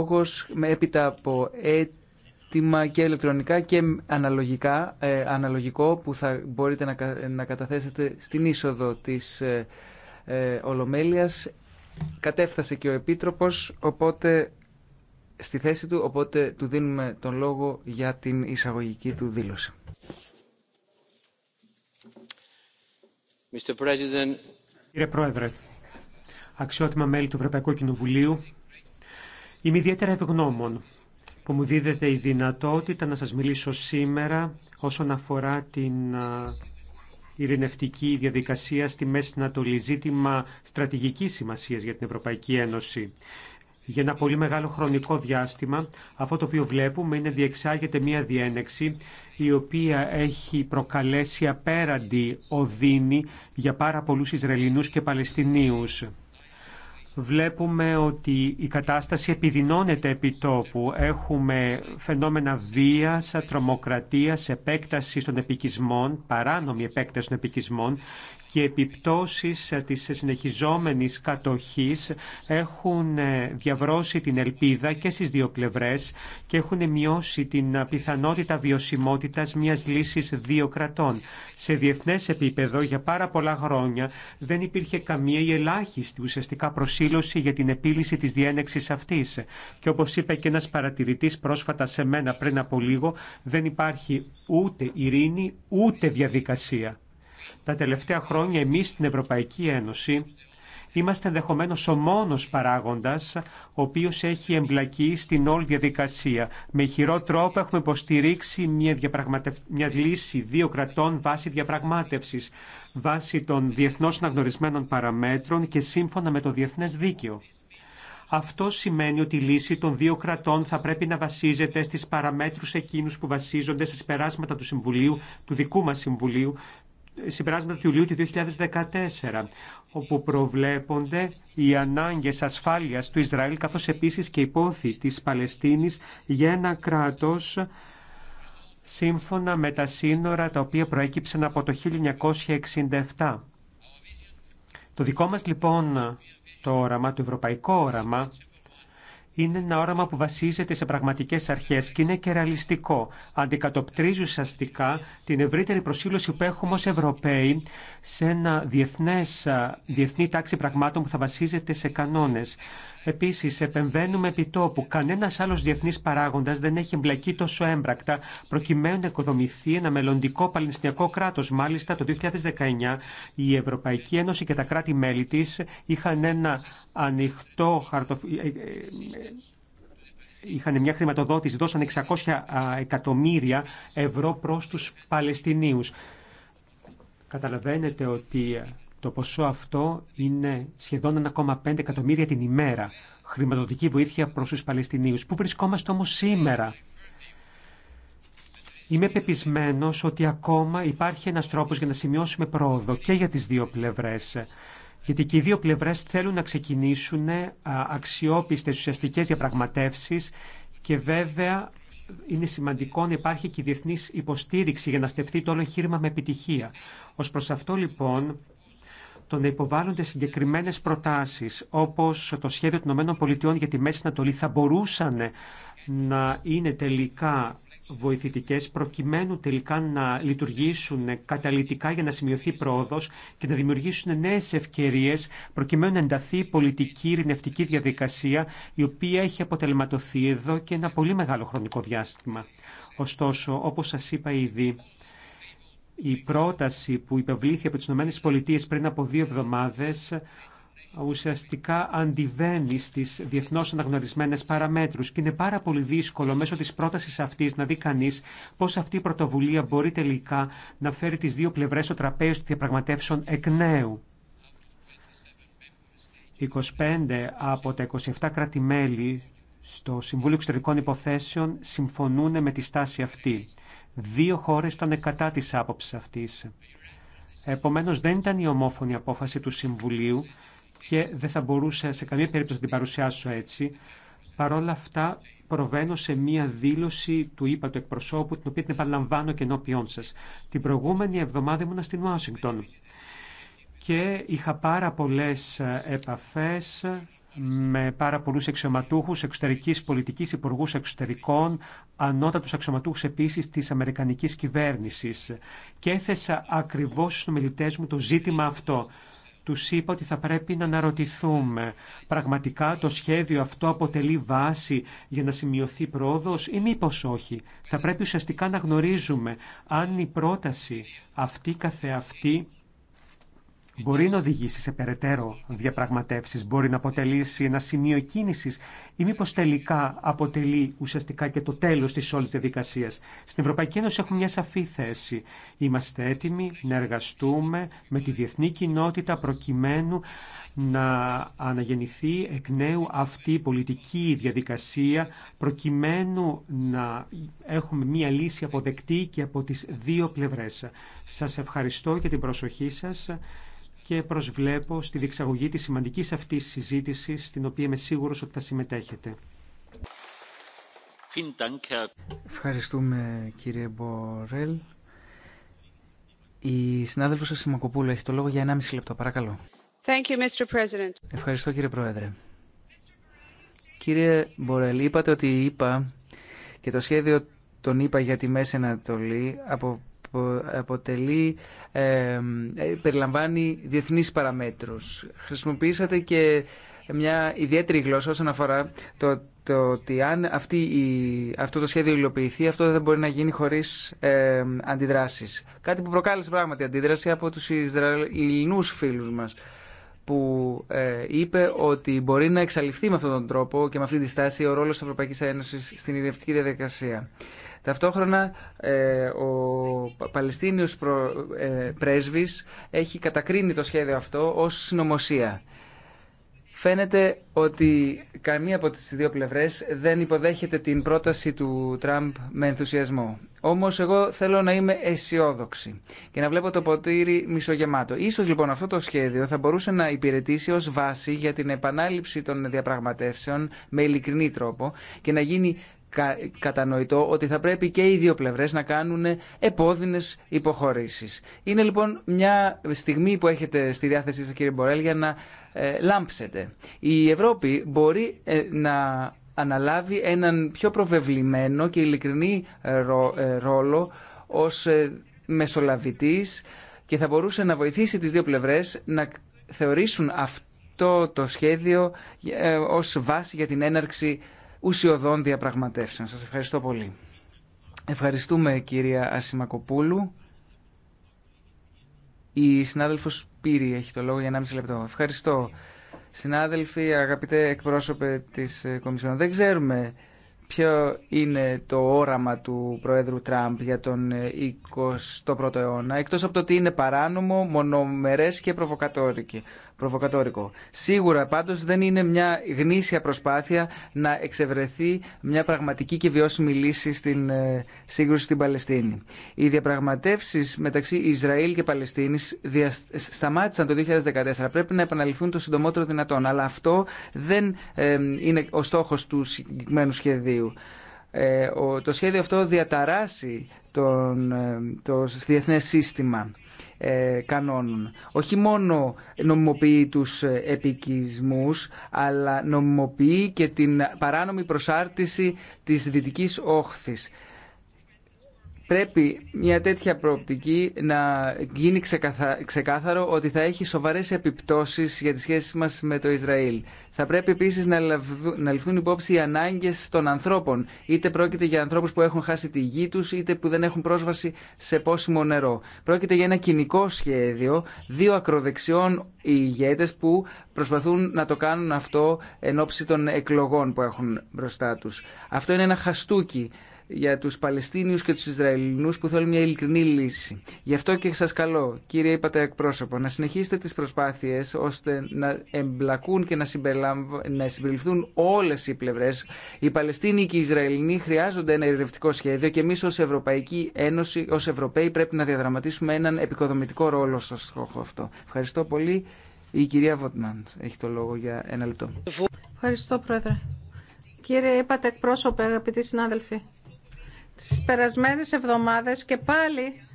λόγος έπειτα από έτοιμα και ηλεκτρονικά και αναλογικά, ε, αναλογικό που θα μπορείτε να, να καταθέσετε στην είσοδο της ε, ε, Ολομέλειας. Κατέφτασε και ο Επίτροπος, οπότε στη θέση του, οπότε του δίνουμε τον λόγο για την εισαγωγική του δήλωση. Mr. President. Κύριε Πρόεδρε, αξιότιμα μέλη του Ευρωπαϊκού Κοινοβουλίου, Είμαι ιδιαίτερα ευγνώμων που μου δίδεται η δυνατότητα να σας μιλήσω σήμερα όσον αφορά την ειρηνευτική διαδικασία στη Μέση Ανατολή, ζήτημα στρατηγικής σημασίας για την Ευρωπαϊκή Ένωση. Για ένα πολύ μεγάλο χρονικό διάστημα, αυτό το οποίο βλέπουμε είναι διεξάγεται μία διένεξη η οποία έχει προκαλέσει απέραντη οδύνη για πάρα πολλούς Ισραηλινούς και Παλαιστινίους βλέπουμε ότι η κατάσταση επιδεινώνεται επί τόπου. Έχουμε φαινόμενα βίας, τρομοκρατίας, επέκταση των επικισμών, παράνομη επέκταση των επικισμών και επιπτώσεις ε, της συνεχιζόμενης κατοχής έχουν ε, διαβρώσει την ελπίδα και στις δύο πλευρές και έχουν μειώσει την πιθανότητα βιωσιμότητας μιας λύσης δύο κρατών. Σε διεθνές επίπεδο για πάρα πολλά χρόνια δεν υπήρχε καμία ή ελάχιστη ουσιαστικά προσήλωση για την επίλυση της διένεξης αυτής. Και όπως είπε και ένας παρατηρητής πρόσφατα σε μένα πριν από λίγο, δεν υπάρχει ούτε ειρήνη ούτε διαδικασία. Τα τελευταία χρόνια εμείς στην Ευρωπαϊκή Ένωση είμαστε ενδεχομένω ο μόνο παράγοντας ο οποίο έχει εμπλακεί στην όλη διαδικασία. Με χειρό τρόπο έχουμε υποστηρίξει μια, διαπραγματευ... μια λύση δύο κρατών βάσει διαπραγμάτευση, βάσει των διεθνώς αναγνωρισμένων παραμέτρων και σύμφωνα με το Διεθνές δίκαιο. Αυτό σημαίνει ότι η λύση των δύο κρατών θα πρέπει να βασίζεται στις παραμέτρους εκείνους που βασίζονται σε περάσματα του Συμβουλίου, του δικού μας Συμβουλίου, συμπεράσματα του Ιουλίου του 2014, όπου προβλέπονται οι ανάγκες ασφάλειας του Ισραήλ, καθώς επίσης και η της Παλαιστίνης για ένα κράτος σύμφωνα με τα σύνορα τα οποία προέκυψαν από το 1967. Το δικό μας λοιπόν το όραμα, το ευρωπαϊκό όραμα, είναι ένα όραμα που βασίζεται σε πραγματικές αρχές και είναι και ρεαλιστικό. Αντικατοπτρίζει ουσιαστικά την ευρύτερη προσήλωση που έχουμε ω Ευρωπαίοι σε ένα διεθνές, διεθνή τάξη πραγμάτων που θα βασίζεται σε κανόνες. Επίσης, επεμβαίνουμε επί τόπου. Κανένας άλλος διεθνής παράγοντας δεν έχει εμπλακεί τόσο έμπρακτα προκειμένου να οικοδομηθεί ένα μελλοντικό παλαιστινιακό κράτος. Μάλιστα, το 2019 η Ευρωπαϊκή Ένωση και τα κράτη-μέλη της είχαν ένα ανοιχτό ε, ε, ε, είχαν μια χρηματοδότηση, δώσαν 600 εκατομμύρια ευρώ προς τους Παλαιστινίους. Καταλαβαίνετε ότι το ποσό αυτό είναι σχεδόν 1,5 εκατομμύρια την ημέρα χρηματοδοτική βοήθεια προς τους Παλαιστινίους. Πού βρισκόμαστε όμως σήμερα. Είμαι πεπισμένος ότι ακόμα υπάρχει ένας τρόπος για να σημειώσουμε πρόοδο και για τις δύο πλευρές. Γιατί και οι δύο πλευρές θέλουν να ξεκινήσουν αξιόπιστες ουσιαστικές διαπραγματεύσεις και βέβαια είναι σημαντικό να υπάρχει και διεθνής υποστήριξη για να στεφτεί το όλο εγχείρημα με επιτυχία. Ως προς αυτό λοιπόν, το να υποβάλλονται συγκεκριμένες προτάσεις, όπως το σχέδιο των ΗΠΑ για τη Μέση Ανατολή, θα μπορούσαν να είναι τελικά βοηθητικές προκειμένου τελικά να λειτουργήσουν καταλητικά για να σημειωθεί πρόοδος και να δημιουργήσουν νέες ευκαιρίες προκειμένου να ενταθεί η πολιτική ειρηνευτική διαδικασία η οποία έχει αποτελματωθεί εδώ και ένα πολύ μεγάλο χρονικό διάστημα. Ωστόσο, όπως σας είπα ήδη, η πρόταση που υπευλήθη από τις ΗΠΑ πριν από δύο εβδομάδες ουσιαστικά αντιβαίνει στις διεθνώς αναγνωρισμένες παραμέτρους και είναι πάρα πολύ δύσκολο μέσω της πρότασης αυτής να δει κανείς πώς αυτή η πρωτοβουλία μπορεί τελικά να φέρει τις δύο πλευρές στο τραπέζι των διαπραγματεύσεων εκ νέου. 25 από τα 27 κράτη-μέλη στο Συμβούλιο Εξωτερικών Υποθέσεων συμφωνούν με τη στάση αυτή. Δύο χώρες ήταν κατά της άποψης αυτής. Επομένως δεν ήταν η ομόφωνη απόφαση του Συμβουλίου και δεν θα μπορούσα σε καμία περίπτωση να την παρουσιάσω έτσι. Παρ' όλα αυτά προβαίνω σε μία δήλωση του είπα του εκπροσώπου, την οποία την επαναλαμβάνω και ενώπιόν σα. Την προηγούμενη εβδομάδα ήμουν στην Ουάσιγκτον και είχα πάρα πολλές ε, επαφές με πάρα πολλούς αξιωματούχους εξωτερικής πολιτικής, υπουργού εξωτερικών, ανώτατους αξιωματούχους επίσης της Αμερικανικής κυβέρνησης. Και έθεσα ακριβώς στους μιλητές μου το ζήτημα αυτό. Του είπα ότι θα πρέπει να αναρωτηθούμε. Πραγματικά το σχέδιο αυτό αποτελεί βάση για να σημειωθεί πρόοδο ή μήπω όχι. Θα πρέπει ουσιαστικά να γνωρίζουμε αν η πρόταση αυτή καθεαυτή μπορεί να οδηγήσει σε περαιτέρω διαπραγματεύσεις, μπορεί να αποτελήσει ένα σημείο κίνησης ή μήπω τελικά αποτελεί ουσιαστικά και το τέλος της όλης διαδικασίας. Στην Ευρωπαϊκή Ένωση έχουμε μια σαφή θέση. Είμαστε έτοιμοι να εργαστούμε με τη διεθνή κοινότητα προκειμένου να αναγεννηθεί εκ νέου αυτή η πολιτική διαδικασία προκειμένου να έχουμε μία λύση αποδεκτή και από τις δύο πλευρές. Σας ευχαριστώ για την προσοχή σας και προσβλέπω στη διεξαγωγή της σημαντικής αυτής συζήτησης, στην οποία είμαι σίγουρο ότι θα συμμετέχετε. Ευχαριστούμε κύριε Μπορέλ. Η συνάδελφος σας έχει το λόγο για 1,5 λεπτό. Παρακαλώ. Thank you, Mr. President. Ευχαριστώ κύριε Πρόεδρε. Κύριε Μπορέλ, είπατε ότι είπα και το σχέδιο τον είπα για τη Μέση Ανατολή από αποτελεί, ε, ε, περιλαμβάνει διεθνείς παραμέτρους. Χρησιμοποιήσατε και μια ιδιαίτερη γλώσσα όσον αφορά το, το ότι αν αυτή η, αυτό το σχέδιο υλοποιηθεί, αυτό δεν μπορεί να γίνει χωρίς ε, αντιδράσεις. Κάτι που προκάλεσε πράγματι αντίδραση από τους Ισραηλινούς φίλους μας που ε, είπε ότι μπορεί να εξαλειφθεί με αυτόν τον τρόπο και με αυτή τη στάση ο ρόλος της Ευρωπαϊκής Ένωσης στην ειρηνευτική διαδικασία. Ταυτόχρονα ε, ο Παλαιστίνιος ε, πρέσβης έχει κατακρίνει το σχέδιο αυτό ως συνωμοσία. Φαίνεται ότι καμία από τις δύο πλευρές δεν υποδέχεται την πρόταση του Τραμπ με ενθουσιασμό. Όμως εγώ θέλω να είμαι αισιόδοξη και να βλέπω το ποτήρι μισογεμάτο. Ίσως λοιπόν αυτό το σχέδιο θα μπορούσε να υπηρετήσει ως βάση για την επανάληψη των διαπραγματεύσεων με ειλικρινή τρόπο και να γίνει κατανοητό ότι θα πρέπει και οι δύο πλευρές να κάνουν επώδυνες υποχωρήσεις. Είναι λοιπόν μια στιγμή που έχετε στη διάθεσή σας κύριε Μπορέλ για να ε, λάμψετε. Η Ευρώπη μπορεί ε, να αναλάβει έναν πιο προβεβλημένο και ειλικρινή ε, ρόλο ως μεσολαβητής και θα μπορούσε να βοηθήσει τις δύο πλευρές να θεωρήσουν αυτό το σχέδιο ως βάση για την έναρξη ουσιοδών διαπραγματεύσεων. Σας ευχαριστώ πολύ. Ευχαριστούμε κυρία Ασημακοπούλου. Η συνάδελφος Πύρη έχει το λόγο για 1,5 λεπτό. Ευχαριστώ. Συνάδελφοι, αγαπητέ εκπρόσωπε της ε, Κομισιόν, δεν ξέρουμε ποιο είναι το όραμα του Προέδρου Τραμπ για τον 21ο ε, αιώνα, εκτός από το ότι είναι παράνομο, μονομερές και προβοκατόρικη προβοκατόρικο. Σίγουρα πάντως δεν είναι μια γνήσια προσπάθεια να εξευρεθεί μια πραγματική και βιώσιμη λύση στην ε, σύγκρουση στην Παλαιστίνη. Οι διαπραγματεύσει μεταξύ Ισραήλ και Παλαιστίνης σταμάτησαν το 2014. Πρέπει να επαναληφθούν το συντομότερο δυνατόν. Αλλά αυτό δεν είναι ο στόχο του συγκεκριμένου σχεδίου. Ε, το σχέδιο αυτό διαταράσει ε, το διεθνέ σύστημα. Ε, κανόνων. Όχι μόνο νομιμοποιεί τους ε, επικισμούς, αλλά νομιμοποιεί και την παράνομη προσάρτηση της Δυτικής Όχθης. Πρέπει μια τέτοια προοπτική να γίνει ξεκάθαρο ότι θα έχει σοβαρές επιπτώσεις για τις σχέσεις μας με το Ισραήλ. Θα πρέπει επίσης να ληφθούν υπόψη οι ανάγκες των ανθρώπων. Είτε πρόκειται για ανθρώπους που έχουν χάσει τη γη τους, είτε που δεν έχουν πρόσβαση σε πόσιμο νερό. Πρόκειται για ένα κοινικό σχέδιο δύο ακροδεξιών ηγέτες που προσπαθούν να το κάνουν αυτό εν ώψη των εκλογών που έχουν μπροστά τους. Αυτό είναι ένα χαστούκι για τους Παλαιστίνιους και τους Ισραηλινούς που θέλουν μια ειλικρινή λύση. Γι' αυτό και σας καλώ, κύριε είπατε εκπρόσωπο, να συνεχίσετε τις προσπάθειες ώστε να εμπλακούν και να, να συμπεριληφθούν όλες οι πλευρές. Οι Παλαιστίνοι και οι Ισραηλινοί χρειάζονται ένα ειρηνευτικό σχέδιο και εμείς ως Ευρωπαϊκή Ένωση, ως Ευρωπαίοι πρέπει να διαδραματίσουμε έναν επικοδομητικό ρόλο στο στόχο αυτό. Ευχαριστώ πολύ. Η κυρία Βοτμάντ έχει το λόγο για ένα λεπτό. Ευχαριστώ, Πρόεδρε. Κύριε, είπατε εκπρόσωπε, αγαπητοί συνάδελφοι τις περασμένες εβδομάδες και πάλι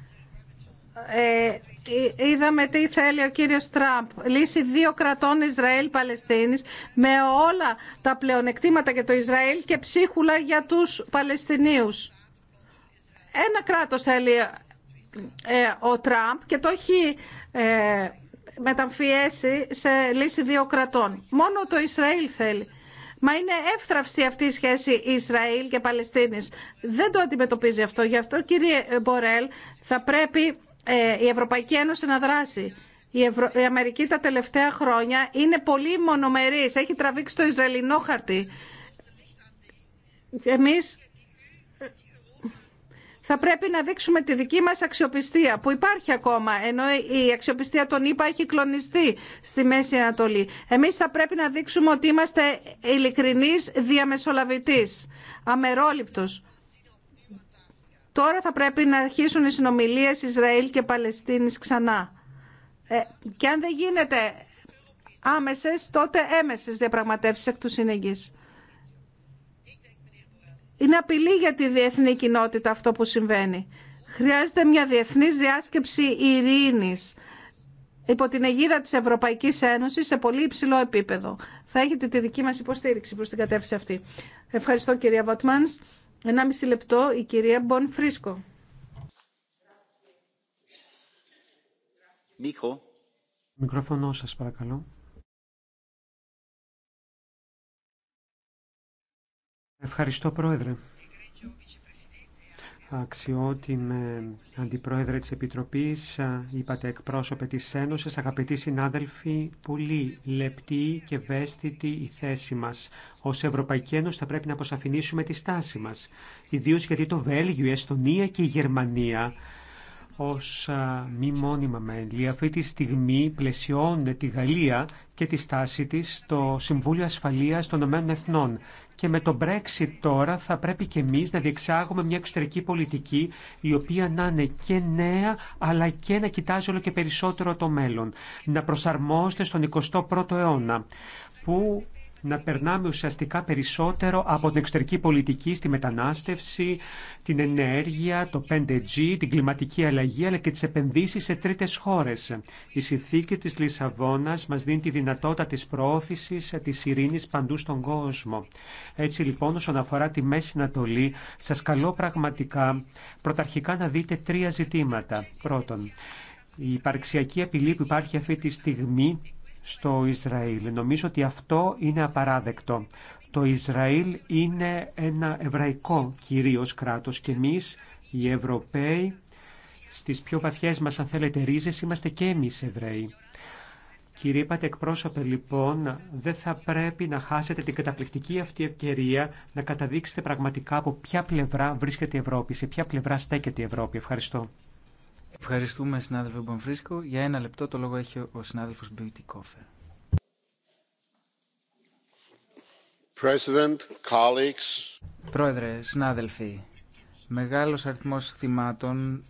ε, είδαμε τι θέλει ο κύριος Τραμπ. Λύση δύο κρατών Ισραήλ-Παλαιστίνης με όλα τα πλεονεκτήματα για το Ισραήλ και ψίχουλα για τους Παλαιστινίους. Ένα κράτος θέλει ε, ο Τραμπ και το έχει ε, μεταμφιέσει σε λύση δύο κρατών. Μόνο το Ισραήλ θέλει. Μα είναι εύθραυστη αυτή η σχέση Ισραήλ και Παλαιστίνης. Δεν το αντιμετωπίζει αυτό. Γι' αυτό, κύριε Μπορέλ, θα πρέπει ε, η Ευρωπαϊκή Ένωση να δράσει. Η, Αμερική τα τελευταία χρόνια είναι πολύ μονομερή. Έχει τραβήξει το Ισραηλινό χαρτί. Εμείς θα πρέπει να δείξουμε τη δική μας αξιοπιστία που υπάρχει ακόμα, ενώ η αξιοπιστία των ΗΠΑ έχει κλονιστεί στη Μέση Ανατολή. Εμείς θα πρέπει να δείξουμε ότι είμαστε ειλικρινείς διαμεσολαβητής, αμερόληπτος. Τώρα θα πρέπει να αρχίσουν οι συνομιλίες Ισραήλ και Παλαιστίνης ξανά. Ε, και αν δεν γίνεται άμεσες, τότε έμεσες διαπραγματεύσεις εκ του συνεγγύς. Είναι απειλή για τη διεθνή κοινότητα αυτό που συμβαίνει. Χρειάζεται μια διεθνής διάσκεψη ειρήνης υπό την αιγίδα της Ευρωπαϊκής Ένωσης σε πολύ υψηλό επίπεδο. Θα έχετε τη δική μας υποστήριξη προς την κατεύθυνση αυτή. Ευχαριστώ κυρία Βατμάνς. Ένα μισή λεπτό η κυρία Μπον Φρίσκο. Μικρόφωνο σας παρακαλώ. Ευχαριστώ, Πρόεδρε. Αξιότιμε Αντιπρόεδρε της Επιτροπής, είπατε εκπρόσωπε της Ένωσης, αγαπητοί συνάδελφοι, πολύ λεπτή και ευαίσθητη η θέση μας. Ως Ευρωπαϊκή Ένωση θα πρέπει να αποσαφηνίσουμε τη στάση μας, ιδίως γιατί το Βέλγιο, η Εστονία και η Γερμανία ως μη μόνιμα μέλη αυτή τη στιγμή πλαισιώνουν τη Γαλλία και τη στάση της στο Συμβούλιο Ασφαλείας των Ηνωμένων Εθνών και με το Brexit τώρα θα πρέπει και εμείς να διεξάγουμε μια εξωτερική πολιτική η οποία να είναι και νέα αλλά και να κοιτάζει όλο και περισσότερο το μέλλον. Να προσαρμόζεται στον 21ο αιώνα που να περνάμε ουσιαστικά περισσότερο από την εξωτερική πολιτική στη μετανάστευση, την ενέργεια, το 5G, την κλιματική αλλαγή αλλά και τις επενδύσεις σε τρίτες χώρες. Η συνθήκη της Λισαβόνας μας δίνει τη δυνατότητα της προώθησης της ειρήνης παντού στον κόσμο. Έτσι λοιπόν όσον αφορά τη Μέση Ανατολή σας καλώ πραγματικά πρωταρχικά να δείτε τρία ζητήματα. Πρώτον, η υπαρξιακή απειλή που υπάρχει αυτή τη στιγμή στο Ισραήλ. Νομίζω ότι αυτό είναι απαράδεκτο. Το Ισραήλ είναι ένα εβραϊκό κυρίως κράτος και εμείς οι Ευρωπαίοι στις πιο βαθιές μας αν θέλετε ρίζες είμαστε και εμείς Εβραίοι. Κύριε είπατε εκπρόσωπε λοιπόν, δεν θα πρέπει να χάσετε την καταπληκτική αυτή ευκαιρία να καταδείξετε πραγματικά από ποια πλευρά βρίσκεται η Ευρώπη, σε ποια πλευρά στέκεται η Ευρώπη. Ευχαριστώ. Ευχαριστούμε συνάδελφε Μπομφρίσκο. Για ένα λεπτό το λόγο έχει ο συνάδελφος Beauty Coffer. Πρόεδρε, συνάδελφοι, μεγάλος αριθμός θυμάτων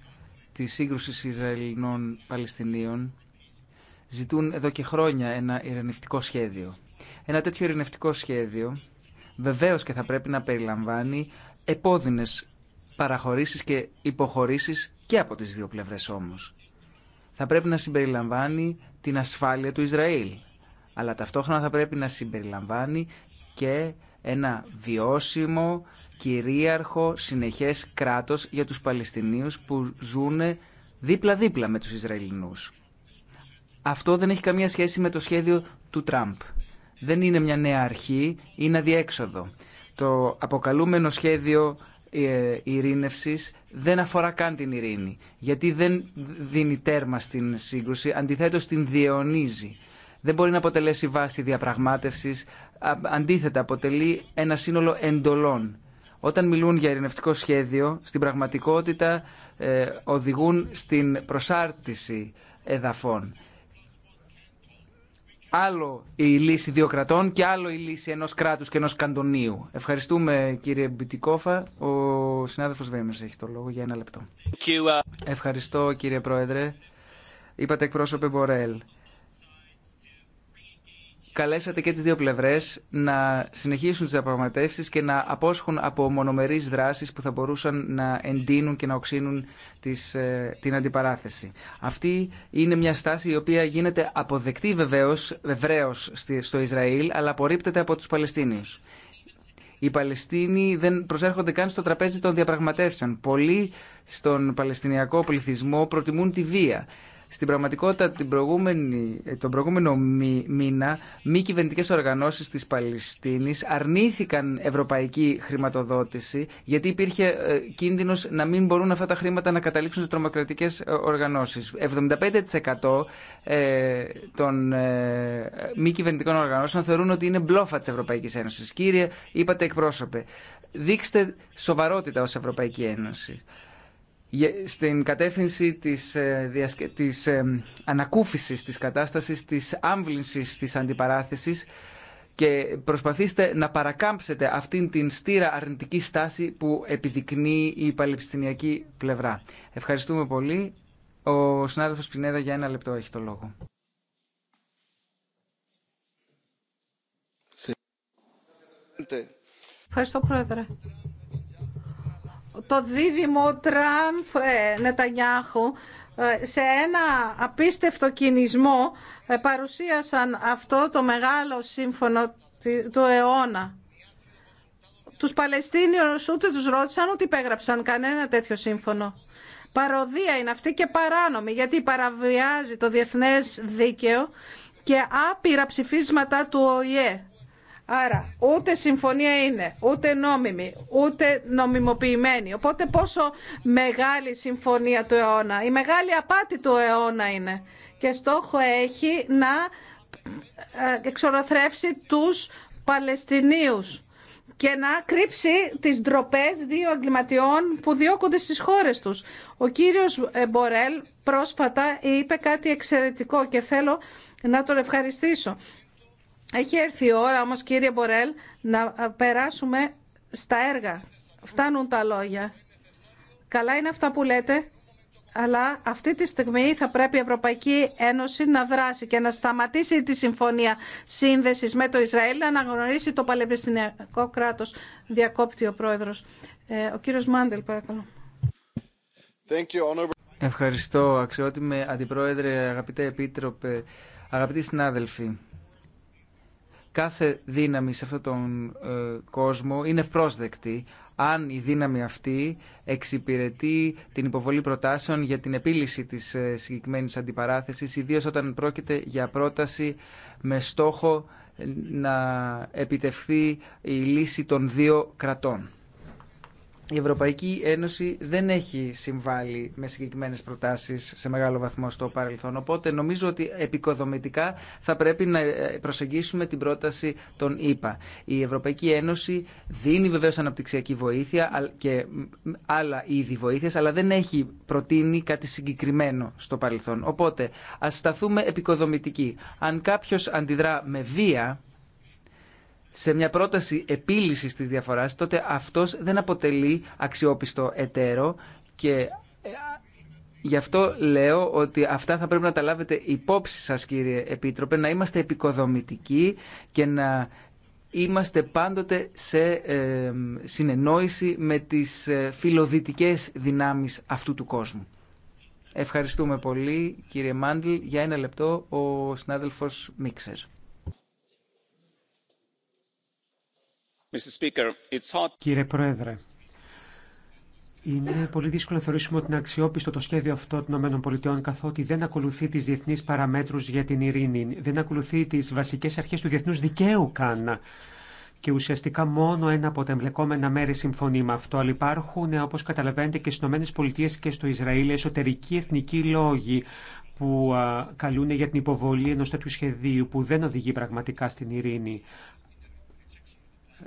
της σύγκρουσης Ισραηλινών Παλαιστινίων ζητούν εδώ και χρόνια ένα ειρηνευτικό σχέδιο. Ένα τέτοιο ειρηνευτικό σχέδιο βεβαίως και θα πρέπει να περιλαμβάνει επώδυνες παραχωρήσεις και υποχωρήσεις και από τις δύο πλευρές όμως. Θα πρέπει να συμπεριλαμβάνει την ασφάλεια του Ισραήλ, αλλά ταυτόχρονα θα πρέπει να συμπεριλαμβάνει και ένα βιώσιμο, κυρίαρχο, συνεχές κράτος για τους Παλαιστινίους που ζουν δίπλα-δίπλα με τους Ισραηλινούς. Αυτό δεν έχει καμία σχέση με το σχέδιο του Τραμπ. Δεν είναι μια νέα αρχή, είναι αδιέξοδο. Το αποκαλούμενο σχέδιο ε, ειρήνευση δεν αφορά καν την ειρήνη, γιατί δεν δίνει τέρμα στην σύγκρουση, αντιθέτω την διαιωνίζει. Δεν μπορεί να αποτελέσει βάση διαπραγμάτευσης, αντίθετα αποτελεί ένα σύνολο εντολών. Όταν μιλούν για ειρηνευτικό σχέδιο, στην πραγματικότητα ε, οδηγούν στην προσάρτηση εδαφών άλλο η λύση δύο κρατών και άλλο η λύση ενός κράτους και ενός καντονίου. Ευχαριστούμε κύριε Μπιτικόφα. Ο συνάδελφος Βέμερς έχει το λόγο για ένα λεπτό. Uh, Ευχαριστώ κύριε Πρόεδρε. Είπατε εκπρόσωπε Μπορέλ καλέσατε και τις δύο πλευρές να συνεχίσουν τις διαπραγματεύσεις και να απόσχουν από μονομερείς δράσεις που θα μπορούσαν να εντείνουν και να οξύνουν ε, την αντιπαράθεση. Αυτή είναι μια στάση η οποία γίνεται αποδεκτή βεβαίως, βεβαίως στο Ισραήλ, αλλά απορρίπτεται από τους Παλαιστίνιους. Οι Παλαιστίνοι δεν προσέρχονται καν στο τραπέζι των διαπραγματεύσεων. Πολλοί στον Παλαιστινιακό πληθυσμό προτιμούν τη βία. Στην πραγματικότητα, την ε, τον προηγούμενο μήνα, μη κυβερνητικέ οργανώσει τη Παλαιστίνη αρνήθηκαν ευρωπαϊκή χρηματοδότηση, γιατί υπήρχε ε, κίνδυνο να μην μπορούν αυτά τα χρήματα να καταλήξουν σε τρομοκρατικέ ε, οργανώσει. 75% ε, των μη κυβερνητικών οργανώσεων θεωρούν ότι είναι μπλόφα τη Ευρωπαϊκή Ένωση. Κύριε, είπατε εκπρόσωπε, δείξτε σοβαρότητα ω Ευρωπαϊκή Ένωση στην κατεύθυνση της, ε, της ε, ανακούφισης της κατάστασης, της άμβλησης της αντιπαράθεσης και προσπαθήστε να παρακάμψετε αυτήν την στήρα αρνητική στάση που επιδεικνύει η παλαιστινιακή πλευρά. Ευχαριστούμε πολύ. Ο συνάδελφος Πινέδα για ένα λεπτό έχει το λόγο. Ευχαριστώ, Πρόεδρε το δίδυμο Τραμπ ε, Νετανιάχου ε, σε ένα απίστευτο κινησμό ε, παρουσίασαν αυτό το μεγάλο σύμφωνο του αιώνα. Τους Παλαιστίνιους ούτε τους ρώτησαν ούτε υπέγραψαν κανένα τέτοιο σύμφωνο. Παροδία είναι αυτή και παράνομη γιατί παραβιάζει το διεθνές δίκαιο και άπειρα ψηφίσματα του ΟΗΕ Άρα ούτε συμφωνία είναι, ούτε νόμιμη, ούτε νομιμοποιημένη. Οπότε πόσο μεγάλη συμφωνία του αιώνα. Η μεγάλη απάτη του αιώνα είναι. Και στόχο έχει να ε, εξορροθρεύσει τους Παλαιστινίους και να κρύψει τις ντροπέ δύο εγκληματιών που διώκονται στις χώρες τους. Ο κύριος ε, Μπορέλ πρόσφατα είπε κάτι εξαιρετικό και θέλω να τον ευχαριστήσω. Έχει έρθει η ώρα όμως κύριε Μπορέλ να περάσουμε στα έργα. Φτάνουν τα λόγια. Καλά είναι αυτά που λέτε, αλλά αυτή τη στιγμή θα πρέπει η Ευρωπαϊκή Ένωση να δράσει και να σταματήσει τη συμφωνία σύνδεσης με το Ισραήλ, να αναγνωρίσει το Παλαιπιστηνιακό κράτος, διακόπτει ο Πρόεδρος. Ε, ο κύριος Μάντελ, παρακαλώ. Ευχαριστώ, αξιότιμε Αντιπρόεδρε, αγαπητέ Επίτροπε, αγαπητοί συνάδελφοι κάθε δύναμη σε αυτόν τον ε, κόσμο είναι ευπρόσδεκτη αν η δύναμη αυτή εξυπηρετεί την υποβολή προτάσεων για την επίλυση της ε, συγκεκριμένης αντιπαράθεσης, ιδίως όταν πρόκειται για πρόταση με στόχο να επιτευχθεί η λύση των δύο κρατών η Ευρωπαϊκή Ένωση δεν έχει συμβάλει με συγκεκριμένες προτάσεις σε μεγάλο βαθμό στο παρελθόν. Οπότε νομίζω ότι επικοδομητικά θα πρέπει να προσεγγίσουμε την πρόταση των ΗΠΑ. Η Ευρωπαϊκή Ένωση δίνει βεβαίως αναπτυξιακή βοήθεια και άλλα είδη βοήθεια, αλλά δεν έχει προτείνει κάτι συγκεκριμένο στο παρελθόν. Οπότε ας σταθούμε επικοδομητικοί. Αν κάποιο αντιδρά με βία σε μια πρόταση επίλυσης της διαφοράς, τότε αυτός δεν αποτελεί αξιόπιστο εταίρο και ε, γι' αυτό λέω ότι αυτά θα πρέπει να τα λάβετε υπόψη σας κύριε Επίτροπε, να είμαστε επικοδομητικοί και να είμαστε πάντοτε σε ε, συνεννόηση με τις ε, φιλοδυτικές δυνάμεις αυτού του κόσμου. Ευχαριστούμε πολύ κύριε Μάντλ. Για ένα λεπτό ο συνάδελφος Μίξερ. Κύριε Πρόεδρε, είναι πολύ δύσκολο να θεωρήσουμε ότι είναι αξιόπιστο το σχέδιο αυτό των ΗΠΑ, καθότι δεν ακολουθεί τι διεθνεί παραμέτρου για την ειρήνη, δεν ακολουθεί τι βασικέ αρχέ του διεθνού δικαίου καν. Και ουσιαστικά μόνο ένα από τα εμπλεκόμενα μέρη συμφωνεί με αυτό. Αλλά υπάρχουν, όπω καταλαβαίνετε, και στι ΗΠΑ και στο Ισραήλ εσωτερικοί εθνικοί λόγοι που α, καλούν για την υποβολή ενό τέτοιου σχεδίου που δεν οδηγεί πραγματικά στην ειρήνη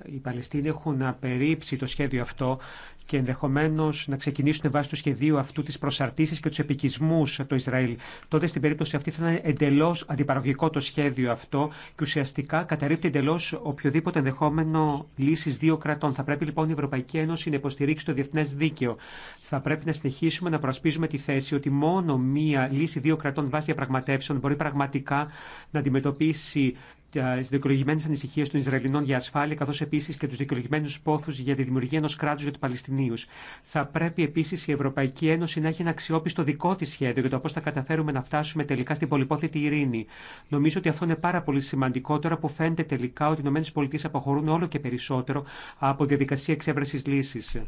οι Παλαιστίνοι έχουν απερίψει το σχέδιο αυτό και ενδεχομένω να ξεκινήσουν βάσει του σχεδίου αυτού τι προσαρτήσει και του επικισμού το Ισραήλ. Τότε στην περίπτωση αυτή θα είναι εντελώ αντιπαραγωγικό το σχέδιο αυτό και ουσιαστικά καταρρύπτει εντελώ οποιοδήποτε ενδεχόμενο λύση δύο κρατών. Θα πρέπει λοιπόν η Ευρωπαϊκή Ένωση να υποστηρίξει το διεθνέ δίκαιο. Θα πρέπει να συνεχίσουμε να προασπίζουμε τη θέση ότι μόνο μία λύση δύο κρατών βάσει διαπραγματεύσεων μπορεί πραγματικά να αντιμετωπίσει τι δικαιολογημένε ανησυχίε των Ισραηλινών για ασφάλεια, καθώ επίση και του δικαιολογημένου πόθου για τη δημιουργία ενό κράτου για του Παλαιστινίου. Θα πρέπει επίση η Ευρωπαϊκή Ένωση να έχει ένα αξιόπιστο δικό τη σχέδιο για το πώ θα καταφέρουμε να φτάσουμε τελικά στην πολυπόθετη ειρήνη. Νομίζω ότι αυτό είναι πάρα πολύ σημαντικό τώρα που φαίνεται τελικά ότι οι ΗΠΑ αποχωρούν όλο και περισσότερο από τη διαδικασία εξέβρεση λύση.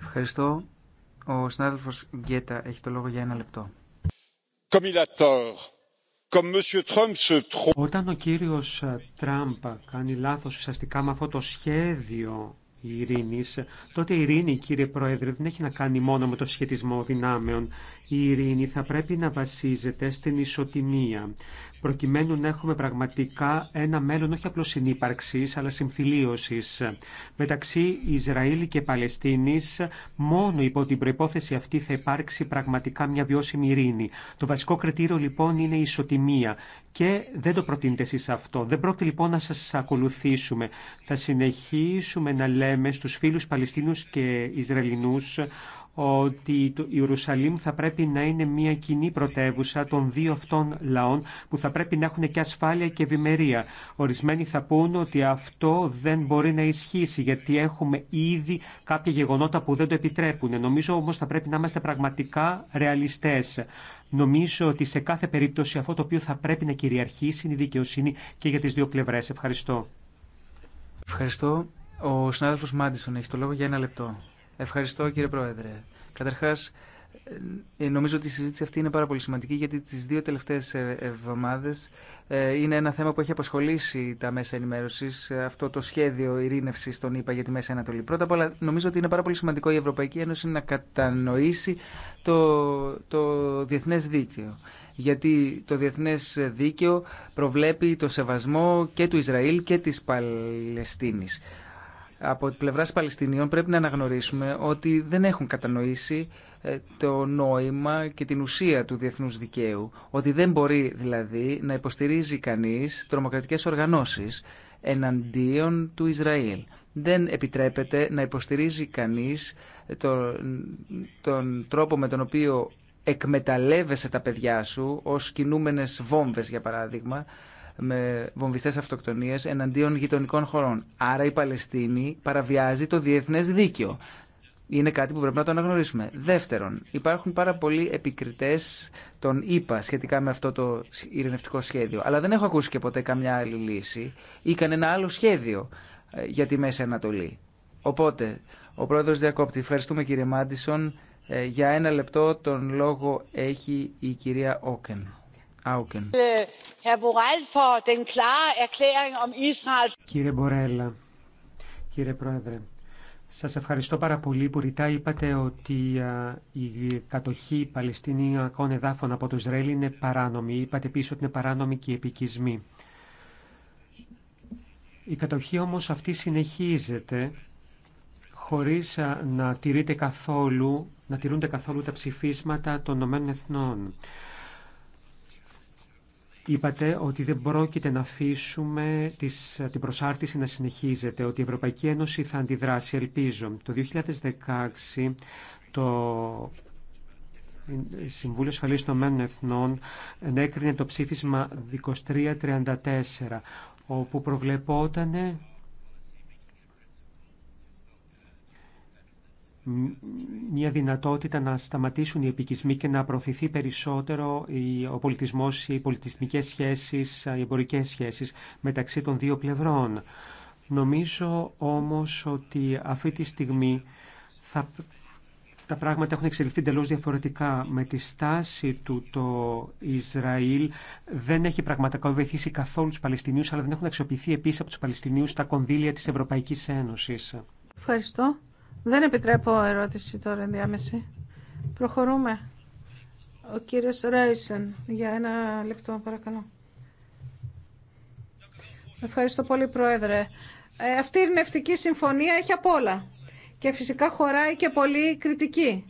Ευχαριστώ. Ο συνάδελφο Γκέτα έχει το λόγο για ένα λεπτό. Όταν ο κύριος ε, Τραμπ κάνει λάθος ουσιαστικά με αυτό το σχέδιο ειρήνης, τότε η ειρήνη, κύριε Πρόεδρε, δεν έχει να κάνει μόνο με το σχετισμό δυνάμεων. Η ειρήνη θα πρέπει να βασίζεται στην ισοτιμία, προκειμένου να έχουμε πραγματικά ένα μέλλον όχι απλώς συνύπαρξης, αλλά συμφιλίωσης. Μεταξύ Ισραήλ και Παλαιστίνης, μόνο υπό την προϋπόθεση αυτή θα υπάρξει πραγματικά μια βιώσιμη ειρήνη. Το βασικό κριτήριο λοιπόν είναι η ισοτιμία και δεν το προτείνετε εσείς αυτό. Δεν πρόκειται λοιπόν να σας ακολουθήσουμε. Θα συνεχίσουμε να λέμε στους φίλους Παλαιστίνους και Ισραηλινούς ότι η Ιερουσαλήμ θα πρέπει να είναι μια κοινή πρωτεύουσα των δύο αυτών λαών που θα πρέπει να έχουν και ασφάλεια και ευημερία. Ορισμένοι θα πούν ότι αυτό δεν μπορεί να ισχύσει γιατί έχουμε ήδη κάποια γεγονότα που δεν το επιτρέπουν. Νομίζω όμως θα πρέπει να είμαστε πραγματικά ρεαλιστές. Νομίζω ότι σε κάθε περίπτωση αυτό το οποίο θα πρέπει να κυριαρχήσει είναι η δικαιοσύνη και για τις δύο πλευρές. Ευχαριστώ. Ευχαριστώ. Ο συνάδελφος Μάντισον έχει το λόγο για ένα λεπτό. Ευχαριστώ κύριε Πρόεδρε. Καταρχάς, ε, Νομίζω ότι η συζήτηση αυτή είναι πάρα πολύ σημαντική γιατί τι δύο τελευταίε εβδομάδε ε, είναι ένα θέμα που έχει απασχολήσει τα μέσα ενημέρωσης, ε, αυτό το σχέδιο ειρήνευση τον είπα για τη Μέση Ανατολή. Πρώτα απ' όλα νομίζω ότι είναι πάρα πολύ σημαντικό η Ευρωπαϊκή Ένωση να κατανοήσει το, το διεθνές δίκαιο γιατί το διεθνέ δίκαιο προβλέπει το σεβασμό και του Ισραήλ και τη Παλαιστίνης από πλευρά Παλαιστινίων πρέπει να αναγνωρίσουμε ότι δεν έχουν κατανοήσει ε, το νόημα και την ουσία του διεθνούς δικαίου. Ότι δεν μπορεί δηλαδή να υποστηρίζει κανείς τρομοκρατικές οργανώσεις εναντίον του Ισραήλ. Δεν επιτρέπεται να υποστηρίζει κανείς ε, τον, τον τρόπο με τον οποίο εκμεταλλεύεσαι τα παιδιά σου ως κινούμενες βόμβες για παράδειγμα με βομβιστές αυτοκτονίες εναντίον γειτονικών χωρών. Άρα η Παλαιστίνη παραβιάζει το διεθνές δίκαιο. Είναι κάτι που πρέπει να το αναγνωρίσουμε. Δεύτερον, υπάρχουν πάρα πολλοί επικριτέ των ΗΠΑ σχετικά με αυτό το ειρηνευτικό σχέδιο. Αλλά δεν έχω ακούσει και ποτέ καμιά άλλη λύση ή κανένα άλλο σχέδιο ε, για τη Μέση Ανατολή. Οπότε, ο πρόεδρο διακόπτη. Ευχαριστούμε κύριε Μάντισον. Ε, για ένα λεπτό τον λόγο έχει η κυρία Όκεν. Κύριε Μπορέλα, κύριε Πρόεδρε, σας ευχαριστώ πάρα πολύ που ρητά είπατε ότι η κατοχή Παλαιστινιακών εδάφων από το Ισραήλ είναι παράνομη. Είπατε επίσης ότι είναι παράνομη και η επικισμοί. Η κατοχή όμως αυτή συνεχίζεται χωρίς να τηρείται καθόλου, να τηρούνται καθόλου τα ψηφίσματα των ΗΠΑ Εθνών. Είπατε ότι δεν πρόκειται να αφήσουμε τις, την προσάρτηση να συνεχίζεται, ότι η Ευρωπαϊκή Ένωση θα αντιδράσει, ελπίζω. Το 2016 το Συμβούλιο Ασφαλείας των Εθνών ενέκρινε το ψήφισμα 2334, όπου προβλεπόταν μια δυνατότητα να σταματήσουν οι επικισμοί και να προωθηθεί περισσότερο ο πολιτισμός, οι πολιτιστικές σχέσεις, οι εμπορικές σχέσεις μεταξύ των δύο πλευρών. Νομίζω όμως ότι αυτή τη στιγμή τα πράγματα έχουν εξελιχθεί εντελώ διαφορετικά. Με τη στάση του το Ισραήλ δεν έχει πραγματικά βοηθήσει καθόλου του Παλαιστινίους, αλλά δεν έχουν αξιοποιηθεί επίση από του Παλαιστινίου τα κονδύλια τη Ευρωπαϊκή Ένωση. Ευχαριστώ. Δεν επιτρέπω ερώτηση τώρα ενδιάμεση. Προχωρούμε. Ο κύριος Ρέισεν, για ένα λεπτό παρακαλώ. Ευχαριστώ πολύ Πρόεδρε. Ε, αυτή η ειρνευτική συμφωνία έχει απ' όλα. Και φυσικά χωράει και πολύ κριτική.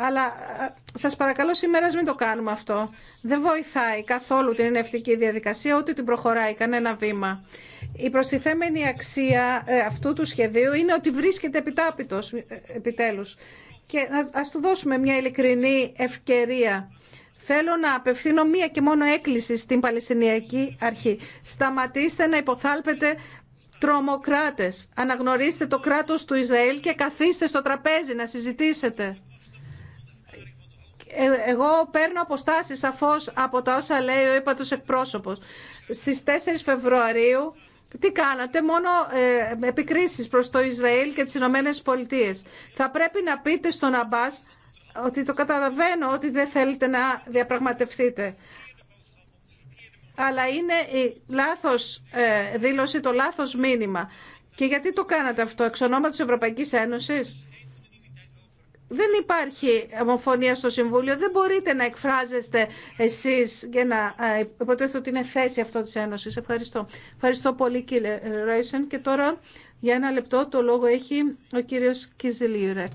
Αλλά ε, σας παρακαλώ σήμερα μην το κάνουμε αυτό. Δεν βοηθάει καθόλου την ενευτική διαδικασία, ούτε την προχωράει κανένα βήμα. Η προστιθέμενη αξία ε, αυτού του σχεδίου είναι ότι βρίσκεται επιτάπητος ε, επιτέλους. Και ας του δώσουμε μια ειλικρινή ευκαιρία. Θέλω να απευθύνω μία και μόνο έκκληση στην Παλαιστινιακή Αρχή. Σταματήστε να υποθάλπετε τρομοκράτες. Αναγνωρίστε το κράτος του Ισραήλ και καθίστε στο τραπέζι να συζητήσετε. Ε, εγώ παίρνω αποστάσεις σαφώς από τα όσα λέει ο ύπατος εκπρόσωπος. Στις 4 Φεβρουαρίου τι κάνατε, μόνο ε, επικρίσεις προς το Ισραήλ και τις Ηνωμένε Πολιτείε. Θα πρέπει να πείτε στον Αμπάς ότι το καταλαβαίνω ότι δεν θέλετε να διαπραγματευτείτε. Αλλά είναι η λάθος ε, δήλωση, το λάθος μήνυμα. Και γιατί το κάνατε αυτό, εξ ονόματος Ευρωπαϊκής Ένωσης δεν υπάρχει ομοφωνία στο Συμβούλιο. Δεν μπορείτε να εκφράζεστε εσείς και να ε, υποτίθετε ότι είναι θέση αυτό της Ένωσης. Ευχαριστώ. Ευχαριστώ πολύ κύριε Ρόισεν. Και τώρα για ένα λεπτό το λόγο έχει ο κύριο Κιζιλίουρεκ.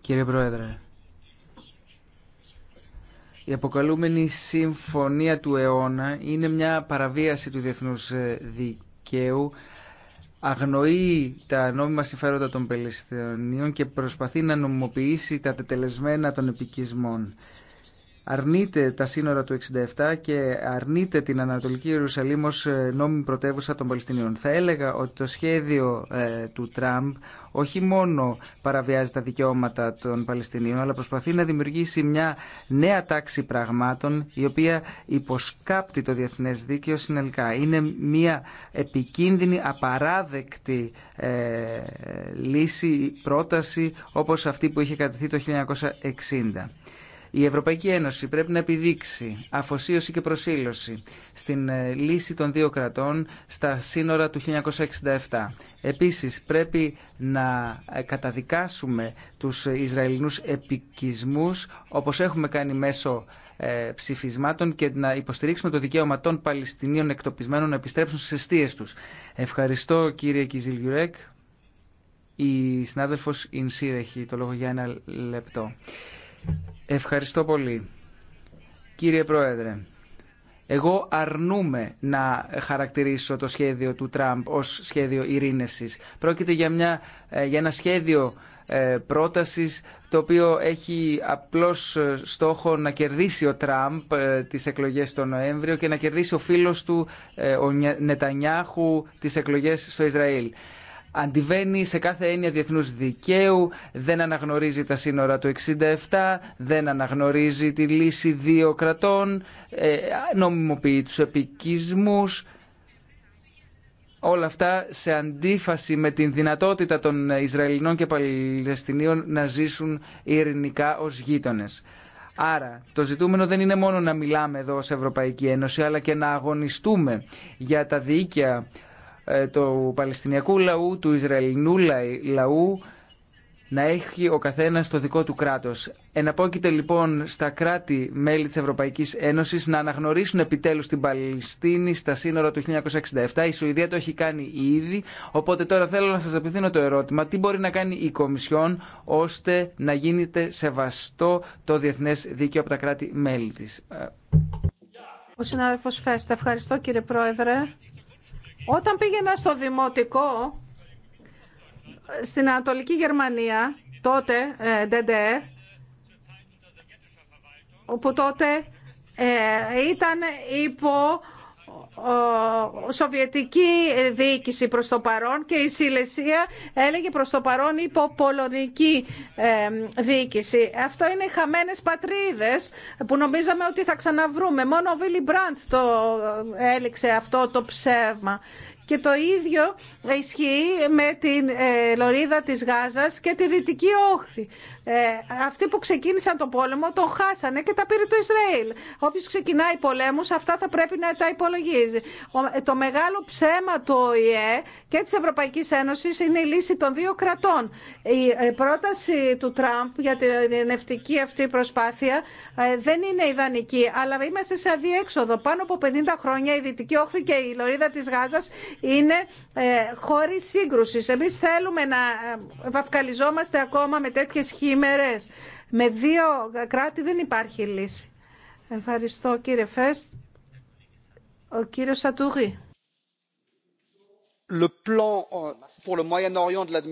Κύριε Πρόεδρε, η αποκαλούμενη Συμφωνία του αιώνα είναι μια παραβίαση του διεθνούς ε, δικαίου αγνοεί τα νόμιμα συμφέροντα των Πελαισθενείων και προσπαθεί να νομιμοποιήσει τα τετελεσμένα των επικισμών αρνείται τα σύνορα του 67 και αρνείται την Ανατολική Ιερουσαλήμ ως ε, νόμιμη πρωτεύουσα των Παλαιστινίων. Θα έλεγα ότι το σχέδιο ε, του Τραμπ όχι μόνο παραβιάζει τα δικαιώματα των Παλαιστινίων, αλλά προσπαθεί να δημιουργήσει μια νέα τάξη πραγμάτων, η οποία υποσκάπτει το διεθνές δίκαιο συνολικά. Είναι μια επικίνδυνη, απαράδεκτη ε, λύση, πρόταση, όπως αυτή που είχε κατηθεί το 1960. Η Ευρωπαϊκή Ένωση πρέπει να επιδείξει αφοσίωση και προσήλωση στην ε, λύση των δύο κρατών στα σύνορα του 1967. Επίσης πρέπει να ε, καταδικάσουμε τους Ισραηλινούς επικισμούς όπως έχουμε κάνει μέσω ε, ψηφισμάτων και να υποστηρίξουμε το δικαίωμα των Παλαιστινίων εκτοπισμένων να επιστρέψουν στις αιστείες τους. Ευχαριστώ κύριε Γιουρέκ. Η συνάδελφος Ινσύρ έχει το λόγο για ένα λεπτό. Ευχαριστώ πολύ. Κύριε Πρόεδρε, εγώ αρνούμαι να χαρακτηρίσω το σχέδιο του Τραμπ ως σχέδιο ειρήνευσης. Πρόκειται για, μια, ε, για ένα σχέδιο ε, πρότασης το οποίο έχει απλώς ε, στόχο να κερδίσει ο Τραμπ τις εκλογές τον Νοέμβριο και να κερδίσει ο φίλος του, ο Νετανιάχου, τις εκλογές στο Ισραήλ αντιβαίνει σε κάθε έννοια διεθνούς δικαίου, δεν αναγνωρίζει τα σύνορα του 67, δεν αναγνωρίζει τη λύση δύο κρατών, ε, νομιμοποιεί τους επικισμούς, όλα αυτά σε αντίφαση με την δυνατότητα των Ισραηλινών και Παλαιστινίων να ζήσουν ειρηνικά ως γείτονες. Άρα το ζητούμενο δεν είναι μόνο να μιλάμε εδώ ως Ευρωπαϊκή Ένωση αλλά και να αγωνιστούμε για τα δίκαια ε, του Παλαιστινιακού λαού, του Ισραηλινού λαού, να έχει ο καθένας το δικό του κράτος. Εναπόκειται λοιπόν στα κράτη-μέλη της Ευρωπαϊκής Ένωσης να αναγνωρίσουν επιτέλους την Παλαιστίνη στα σύνορα του 1967. Η Σουηδία το έχει κάνει ήδη, οπότε τώρα θέλω να σας απευθύνω το ερώτημα. Τι μπορεί να κάνει η Κομισιόν ώστε να γίνεται σεβαστό το διεθνές δίκαιο από τα κράτη-μέλη της. Ε, ο συνάδελφος Φέστα, ευχαριστώ κύριε Πρόεδρε. Όταν πήγαινα στο δημοτικό στην Ανατολική Γερμανία, τότε DDR, ε, όπου τότε ε, ήταν υπό σοβιετική διοίκηση προς το παρόν και η Σιλεσία έλεγε προς το παρόν υποπολωνική πολωνική ε, διοίκηση. Αυτό είναι οι χαμένες πατρίδες που νομίζαμε ότι θα ξαναβρούμε. Μόνο ο Βίλι Μπραντ το ε, έληξε αυτό το ψεύμα. Και το ίδιο ισχύει με την ε, Λωρίδα της Γάζας και τη Δυτική Όχθη. Ε, αυτοί που ξεκίνησαν τον πόλεμο τον χάσανε και τα πήρε το Ισραήλ. Όποιος ξεκινάει πολέμους αυτά θα πρέπει να τα υπολογίζει. Ε, το μεγάλο ψέμα του ΟΗΕ και της Ευρωπαϊκής Ένωσης είναι η λύση των δύο κρατών. Η πρόταση του Τραμπ για την ενευτική αυτή προσπάθεια δεν είναι ιδανική, αλλά είμαστε σε αδιέξοδο. Πάνω από 50 χρόνια η Δυτική Όχθη και η Λωρίδα της Γάζας είναι ε, χώροι σύγκρουσης. Εμείς θέλουμε να ε, βαφκαλιζόμαστε ακόμα με τέτοιες χήμερες. Με δύο κράτη δεν υπάρχει λύση. Ευχαριστώ κύριε Φέστ. Ο κύριος Σατούρη. Euh,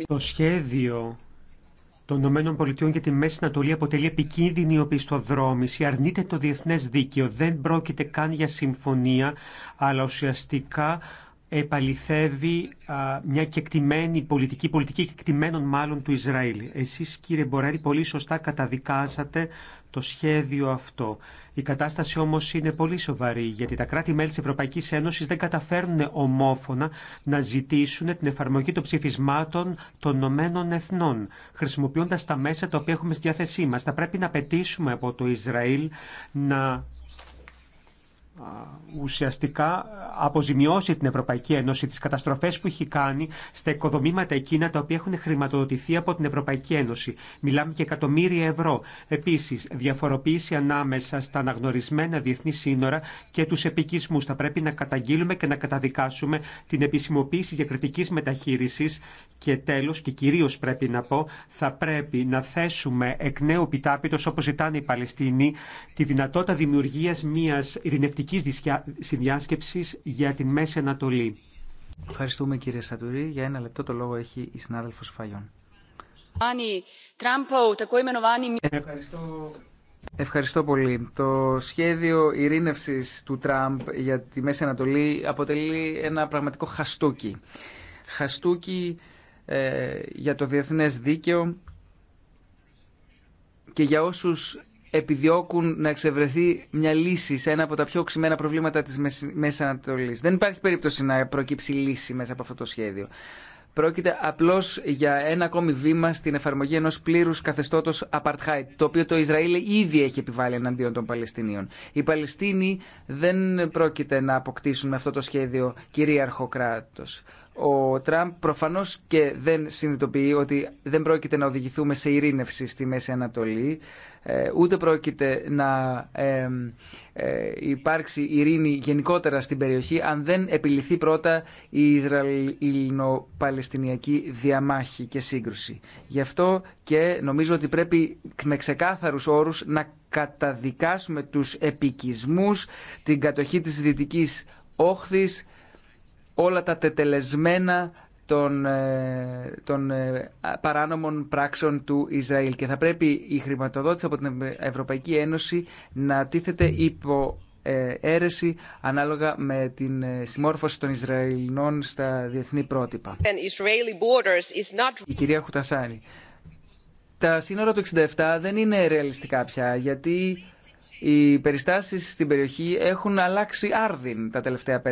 το σχέδιο των Ηνωμένων Πολιτειών για τη Μέση Ανατολή αποτελεί επικίνδυνη οπισθοδρόμηση, αρνείται το διεθνές δίκαιο, δεν πρόκειται καν για συμφωνία, αλλά ουσιαστικά επαληθεύει μια κεκτημένη πολιτική, πολιτική κεκτημένων μάλλον του Ισραήλ. Εσείς κύριε Μπορέλη πολύ σωστά καταδικάσατε το σχέδιο αυτό. Η κατάσταση όμως είναι πολύ σοβαρή γιατί τα κράτη-μέλη της Ευρωπαϊκής Ένωσης δεν καταφέρνουν ομόφωνα να ζητήσουν την εφαρμογή των ψηφισμάτων των Ηνωμένων Εθνών χρησιμοποιώντας τα μέσα τα οποία έχουμε στη διάθεσή μας. Θα πρέπει να πετήσουμε από το Ισραήλ να ουσιαστικά αποζημιώσει την Ευρωπαϊκή Ένωση τις καταστροφές που έχει κάνει στα οικοδομήματα εκείνα τα οποία έχουν χρηματοδοτηθεί από την Ευρωπαϊκή Ένωση. Μιλάμε και εκατομμύρια ευρώ. Επίσης, διαφοροποίηση ανάμεσα στα αναγνωρισμένα διεθνή σύνορα και τους επικισμούς. Θα πρέπει να καταγγείλουμε και να καταδικάσουμε την επισημοποίηση διακριτικής μεταχείρισης και τέλος και κυρίως πρέπει να πω θα πρέπει να θέσουμε εκ νέου επιτάπητος όπω ζητάνε οι Παλαιστίνοι τη δυνατότητα δημιουργίας μιας ειρηνευτικής στρατηγικής συνδιάσκεψης για τη Μέση Ανατολή. Ευχαριστούμε κύριε Σατουρή. Για ένα λεπτό το λόγο έχει η συνάδελφος Φαγιόν. Ευχαριστώ. Ευχαριστώ πολύ. Το σχέδιο ειρήνευσης του Τραμπ για τη Μέση Ανατολή αποτελεί ένα πραγματικό χαστούκι. Χαστούκι ε, για το διεθνές δίκαιο και για όσους επιδιώκουν να εξευρεθεί μια λύση σε ένα από τα πιο οξυμένα προβλήματα της Μέσης Ανατολής. Δεν υπάρχει περίπτωση να προκύψει λύση μέσα από αυτό το σχέδιο. Πρόκειται απλώ για ένα ακόμη βήμα στην εφαρμογή ενό πλήρου καθεστώτο apartheid, το οποίο το Ισραήλ ήδη έχει επιβάλει εναντίον των Παλαιστινίων. Οι Παλαιστίνοι δεν πρόκειται να αποκτήσουν με αυτό το σχέδιο κυρίαρχο κράτο. Ο Τραμπ προφανώ και δεν συνειδητοποιεί ότι δεν πρόκειται να οδηγηθούμε σε ειρήνευση στη Μέση Ανατολή, ε, ούτε πρόκειται να ε, ε, υπάρξει ειρήνη γενικότερα στην περιοχή αν δεν επιληθεί πρώτα η Ισραηλινο-Παλαιστινιακή διαμάχη και σύγκρουση. Γι' αυτό και νομίζω ότι πρέπει με ξεκάθαρους όρους να καταδικάσουμε τους επικισμούς, την κατοχή της Δυτικής Όχθης, όλα τα τετελεσμένα των, ε, των ε, παράνομων πράξεων του Ισραήλ. Και θα πρέπει η χρηματοδότηση από την Ευρωπαϊκή Ένωση να τίθεται υπό ε, αίρεση ανάλογα με την συμμόρφωση των Ισραηλινών στα διεθνή πρότυπα. Η κυρία Χουτασάνη. Τα σύνορα του 67 δεν είναι ρεαλιστικά πια, γιατί οι περιστάσεις στην περιοχή έχουν αλλάξει άρδιν τα τελευταία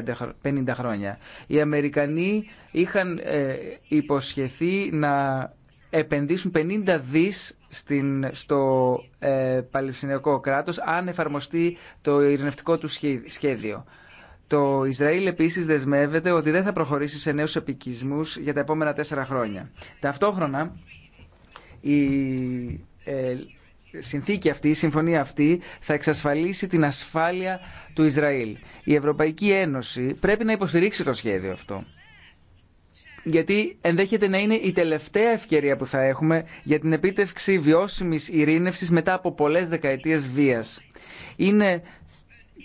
50 χρόνια. Οι Αμερικανοί είχαν ε, υποσχεθεί να επενδύσουν 50 δις στην, στο ε, κράτος αν εφαρμοστεί το ειρηνευτικό του σχέδιο. Το Ισραήλ επίσης δεσμεύεται ότι δεν θα προχωρήσει σε νέους επικισμούς για τα επόμενα τέσσερα χρόνια. Ταυτόχρονα η ε, συνθήκη αυτή, η συμφωνία αυτή θα εξασφαλίσει την ασφάλεια του Ισραήλ. Η Ευρωπαϊκή Ένωση πρέπει να υποστηρίξει το σχέδιο αυτό. Γιατί ενδέχεται να είναι η τελευταία ευκαιρία που θα έχουμε για την επίτευξη βιώσιμης ειρήνευσης μετά από πολλές δεκαετίες βίας. Είναι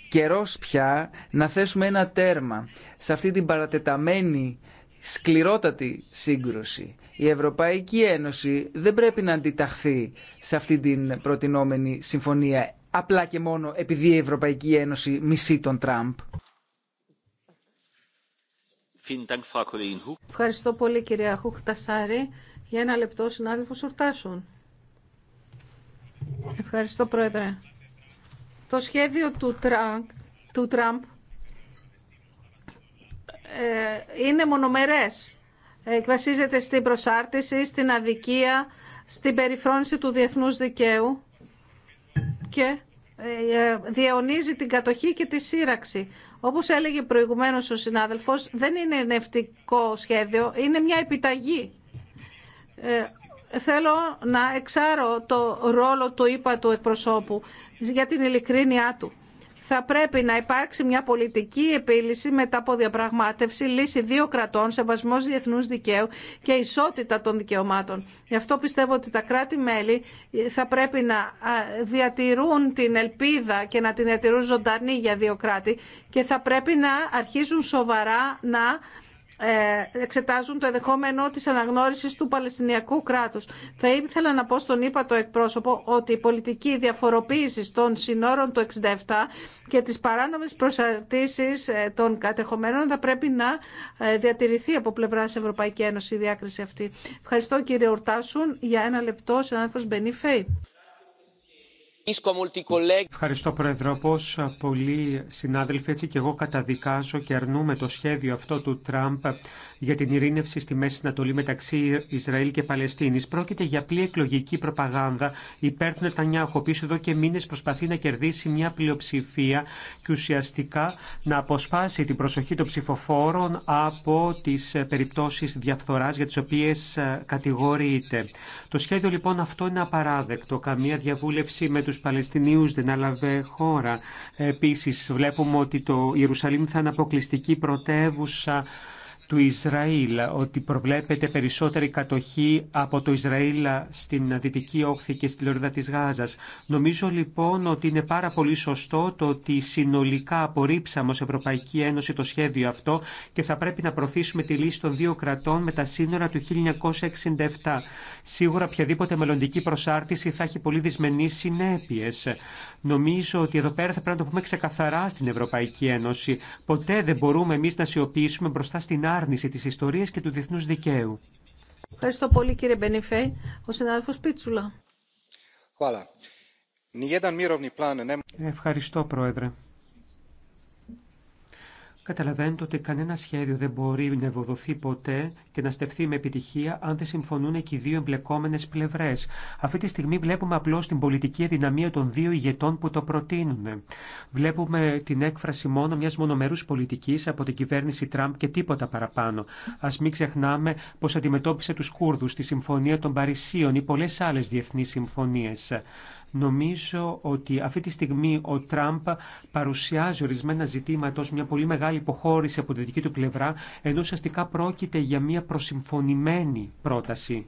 καιρός πια να θέσουμε ένα τέρμα σε αυτή την παρατεταμένη σκληρότατη σύγκρουση. Η Ευρωπαϊκή Ένωση δεν πρέπει να αντιταχθεί σε αυτή την προτινόμενη συμφωνία απλά και μόνο επειδή η Ευρωπαϊκή Ένωση μισεί τον Τραμπ. Ευχαριστώ πολύ κυρία Χουκτασάρη. Για ένα λεπτό συνάδελφος ορτάσουν. Ευχαριστώ πρόεδρε. Το σχέδιο του του Τραμπ ε, είναι μονομερές. Ε, βασίζεται στην προσάρτηση, στην αδικία, στην περιφρόνηση του διεθνούς δικαίου και ε, διαιωνίζει την κατοχή και τη σύραξη. Όπως έλεγε προηγουμένως ο συνάδελφος, δεν είναι νευτικό σχέδιο, είναι μια επιταγή. Θέλω να εξάρω το ρόλο του είπα του εκπροσώπου για την ειλικρίνειά του θα πρέπει να υπάρξει μια πολιτική επίλυση μετά από διαπραγμάτευση, λύση δύο κρατών, σεβασμό διεθνού δικαίου και ισότητα των δικαιωμάτων. Γι' αυτό πιστεύω ότι τα κράτη-μέλη θα πρέπει να διατηρούν την ελπίδα και να την διατηρούν ζωντανή για δύο κράτη και θα πρέπει να αρχίζουν σοβαρά να ε, εξετάζουν το ενδεχόμενο της αναγνώρισης του Παλαιστινιακού κράτους. Θα ήθελα να πω στον είπα το εκπρόσωπο ότι η πολιτική διαφοροποίηση των συνόρων του 67 και τις παράνομες προσαρτήσεις ε, των κατεχομένων θα πρέπει να ε, διατηρηθεί από πλευρά Ευρωπαϊκή Ένωση η διάκριση αυτή. Ευχαριστώ κύριε Ορτάσουν. Για ένα λεπτό, συνάδελφος Μπενιφέη. Ευχαριστώ, Πρόεδρε. Όπω πολλοί συνάδελφοι, έτσι και εγώ καταδικάζω και αρνούμε το σχέδιο αυτό του Τραμπ για την ειρήνευση στη Μέση Ανατολή μεταξύ Ισραήλ και Παλαιστίνη. Πρόκειται για απλή εκλογική προπαγάνδα υπέρ του Νετανιάχου, ο εδώ και μήνε προσπαθεί να κερδίσει μια πλειοψηφία και ουσιαστικά να αποσπάσει την προσοχή των ψηφοφόρων από τι περιπτώσει διαφθορά για τι οποίε κατηγορείται. Το σχέδιο λοιπόν αυτό είναι απαράδεκτο. Καμία διαβούλευση τους Παλαιστινίους δεν άλαβε χώρα. Επίσης βλέπουμε ότι το Ιερουσαλήμ θα είναι αποκλειστική πρωτεύουσα του Ισραήλ, ότι προβλέπεται περισσότερη κατοχή από το Ισραήλ στην Δυτική Όχθη και στη Λωρίδα της Γάζας. Νομίζω λοιπόν ότι είναι πάρα πολύ σωστό το ότι συνολικά απορρίψαμε ως Ευρωπαϊκή Ένωση το σχέδιο αυτό και θα πρέπει να προωθήσουμε τη λύση των δύο κρατών με τα σύνορα του 1967. Σίγουρα οποιαδήποτε μελλοντική προσάρτηση θα έχει πολύ δυσμενεί συνέπειε. Νομίζω ότι εδώ πέρα θα πρέπει να το πούμε ξεκαθαρά στην Ευρωπαϊκή Ένωση. Ποτέ δεν μπορούμε εμεί να σιωπήσουμε μπροστά στην άρνηση της ιστορίας και του διεθνούς δικαίου. Ευχαριστώ πολύ κύριε Μπενιφέ, Ο συνάδελφος Πίτσουλα. Ευχαριστώ πρόεδρε. Καταλαβαίνετε ότι κανένα σχέδιο δεν μπορεί να ευοδοθεί ποτέ και να στεφθεί με επιτυχία αν δεν συμφωνούν και οι δύο εμπλεκόμενε πλευρέ. Αυτή τη στιγμή βλέπουμε απλώ την πολιτική αδυναμία των δύο ηγετών που το προτείνουν. Βλέπουμε την έκφραση μόνο μια μονομερού πολιτική από την κυβέρνηση Τραμπ και τίποτα παραπάνω. Α μην ξεχνάμε πω αντιμετώπισε του Κούρδου, τη Συμφωνία των Παρισίων ή πολλέ άλλε διεθνεί συμφωνίε. Νομίζω ότι αυτή τη στιγμή ο Τραμπ παρουσιάζει ορισμένα ζητήματα ως μια πολύ μεγάλη υποχώρηση από την δική του πλευρά, ενώ ουσιαστικά πρόκειται για μια προσυμφωνημένη πρόταση.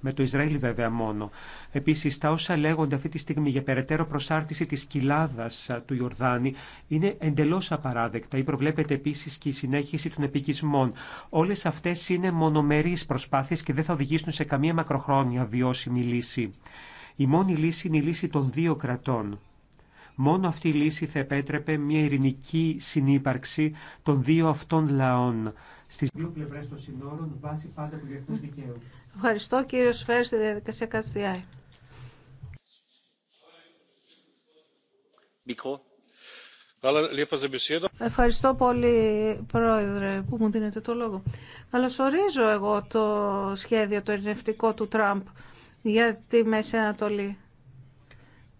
Με το Ισραήλ βέβαια μόνο. Επίση, τα όσα λέγονται αυτή τη στιγμή για περαιτέρω προσάρτηση τη κοιλάδα του Ιορδάνη είναι εντελώ απαράδεκτα ή προβλέπεται επίση και η συνέχιση των επικισμών. Όλε αυτέ είναι μονομερεί προσπάθειες και δεν θα οδηγήσουν σε καμία μακροχρόνια βιώσιμη λύση. Η μόνη λύση είναι η λύση των δύο κρατών. Μόνο αυτή η λύση θα επέτρεπε μια ειρηνική συνύπαρξη των δύο αυτών λαών στις δύο πλευρές των συνόρων βάσει πάντα του διεθνού δικαίου. Ευχαριστώ κύριο Σφαίρ στη διαδικασία Κατστιάη. Ευχαριστώ πολύ, Πρόεδρε, που μου δίνετε το λόγο. Καλωσορίζω εγώ το σχέδιο, το ειρηνευτικό του Τραμπ για τη Μέση Ανατολή.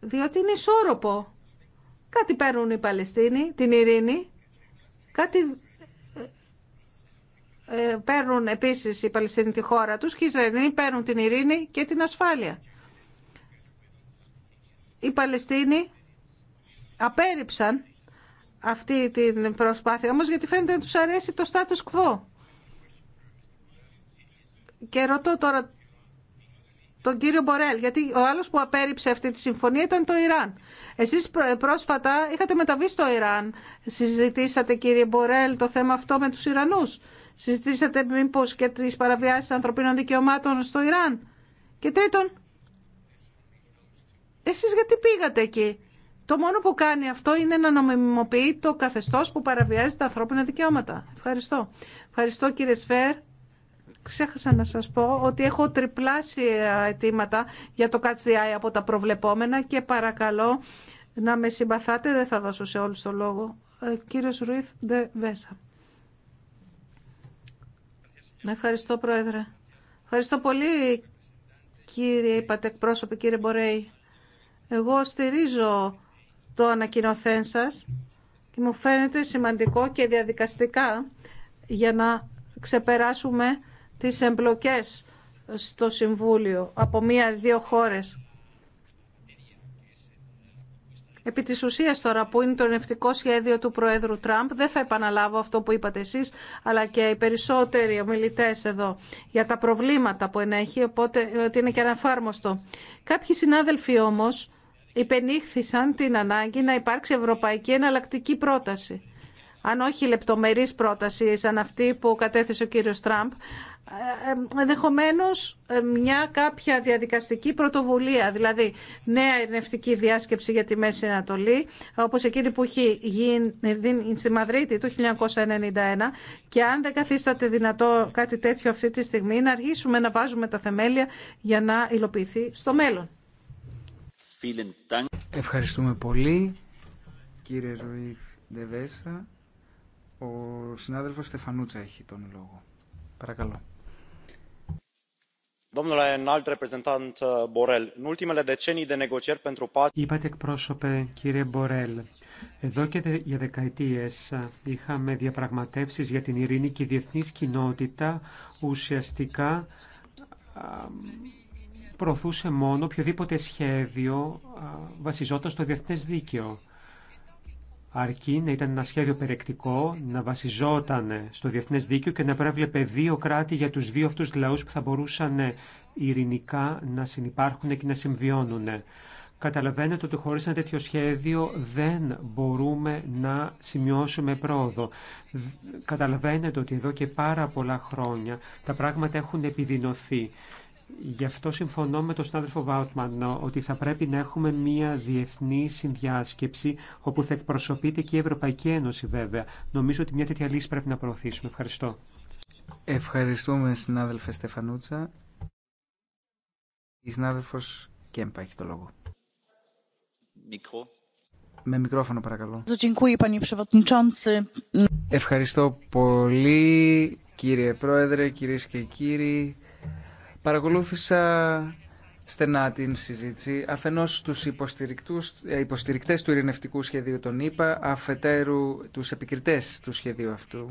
Διότι είναι ισόρροπο. Κάτι παίρνουν οι Παλαιστίνοι, την ειρήνη, κάτι ε, παίρνουν επίσης οι Παλαιστίνοι τη χώρα τους και οι Ισραηλοί παίρνουν την ειρήνη και την ασφάλεια. Οι Παλαιστίνοι απέρριψαν αυτή την προσπάθεια όμως γιατί φαίνεται να τους αρέσει το status quo. Και ρωτώ τώρα τον κύριο Μπορέλ, γιατί ο άλλο που απέρριψε αυτή τη συμφωνία ήταν το Ιράν. Εσείς πρόσφατα είχατε μεταβεί στο Ιράν. Συζητήσατε κύριε Μπορέλ το θέμα αυτό με τους Ιρανούς. Συζητήσατε μήπω και τις παραβιάσεις ανθρωπίνων δικαιωμάτων στο Ιράν. Και τρίτον, εσείς γιατί πήγατε εκεί. Το μόνο που κάνει αυτό είναι να νομιμοποιεί το καθεστώς που παραβιάζει τα ανθρώπινα δικαιώματα. Ευχαριστώ. Ευχαριστώ κύριε Σφέρ. Ξέχασα να σας πω ότι έχω τριπλάσει αιτήματα για το Catch από τα προβλεπόμενα και παρακαλώ να με συμπαθάτε, δεν θα δώσω σε όλους το λόγο. Ε, κύριος Ρουίθ Ντε Βέσα. Ευχαριστώ, Πρόεδρε. Ευχαριστώ πολύ, κύριε είπατε εκπρόσωπε, κύριε Μπορέη. Εγώ στηρίζω το ανακοινωθέν σας και μου φαίνεται σημαντικό και διαδικαστικά για να ξεπεράσουμε τις εμπλοκές στο Συμβούλιο από μία-δύο χώρες. Επί της ουσίας τώρα που είναι το ενευτικό σχέδιο του Προέδρου Τραμπ, δεν θα επαναλάβω αυτό που είπατε εσείς, αλλά και οι περισσότεροι ομιλητέ εδώ για τα προβλήματα που ενέχει, οπότε ε, ότι είναι και αναφάρμοστο. Κάποιοι συνάδελφοι όμως υπενήχθησαν την ανάγκη να υπάρξει ευρωπαϊκή εναλλακτική πρόταση. Αν όχι λεπτομερής πρόταση σαν αυτή που κατέθεσε ο κύριος Τραμπ, ε, ε, ενδεχομένω ε, μια κάποια διαδικαστική πρωτοβουλία, δηλαδή νέα ερευνητική διάσκεψη για τη Μέση Ανατολή, όπως εκείνη που έχει γίνει στη Μαδρίτη το 1991 και αν δεν καθίσταται δυνατό κάτι τέτοιο αυτή τη στιγμή, να αρχίσουμε να βάζουμε τα θεμέλια για να υλοποιηθεί στο μέλλον. Ευχαριστούμε πολύ, κύριε Ροίθ Ντεβέσα. Ο συνάδελφος Στεφανούτσα έχει τον λόγο. Παρακαλώ. Είπατε εκπρόσωπε, κύριε Μπορέλ, εδώ και για δεκαετίες είχαμε διαπραγματεύσει για την ειρήνη και η διεθνής κοινότητα ουσιαστικά προωθούσε μόνο οποιοδήποτε σχέδιο βασιζόταν στο διεθνές δίκαιο αρκεί να ήταν ένα σχέδιο περεκτικό, να βασιζόταν στο διεθνές δίκαιο και να προέβλεπε δύο κράτη για τους δύο αυτούς λαούς που θα μπορούσαν ειρηνικά να συνεπάρχουν και να συμβιώνουν. Καταλαβαίνετε ότι χωρίς ένα τέτοιο σχέδιο δεν μπορούμε να σημειώσουμε πρόοδο. Καταλαβαίνετε ότι εδώ και πάρα πολλά χρόνια τα πράγματα έχουν επιδεινωθεί Γι' αυτό συμφωνώ με τον συνάδελφο Βάουτμαν ότι θα πρέπει να έχουμε μια διεθνή συνδιάσκεψη όπου θα εκπροσωπείται και η Ευρωπαϊκή Ένωση βέβαια. Νομίζω ότι μια τέτοια λύση πρέπει να προωθήσουμε. Ευχαριστώ. Ευχαριστούμε συνάδελφε Στεφανούτσα. Η συνάδελφος Κέμπα έχει το λόγο. Μικρό. Με μικρόφωνο παρακαλώ. Ευχαριστώ πολύ κύριε Πρόεδρε, κύριε και κύριοι. Παρακολούθησα στενά την συζήτηση, αφενός τους ε, υποστηρικτές του ειρηνευτικού σχεδίου των ΗΠΑ, αφετέρου τους επικριτές του σχεδίου αυτού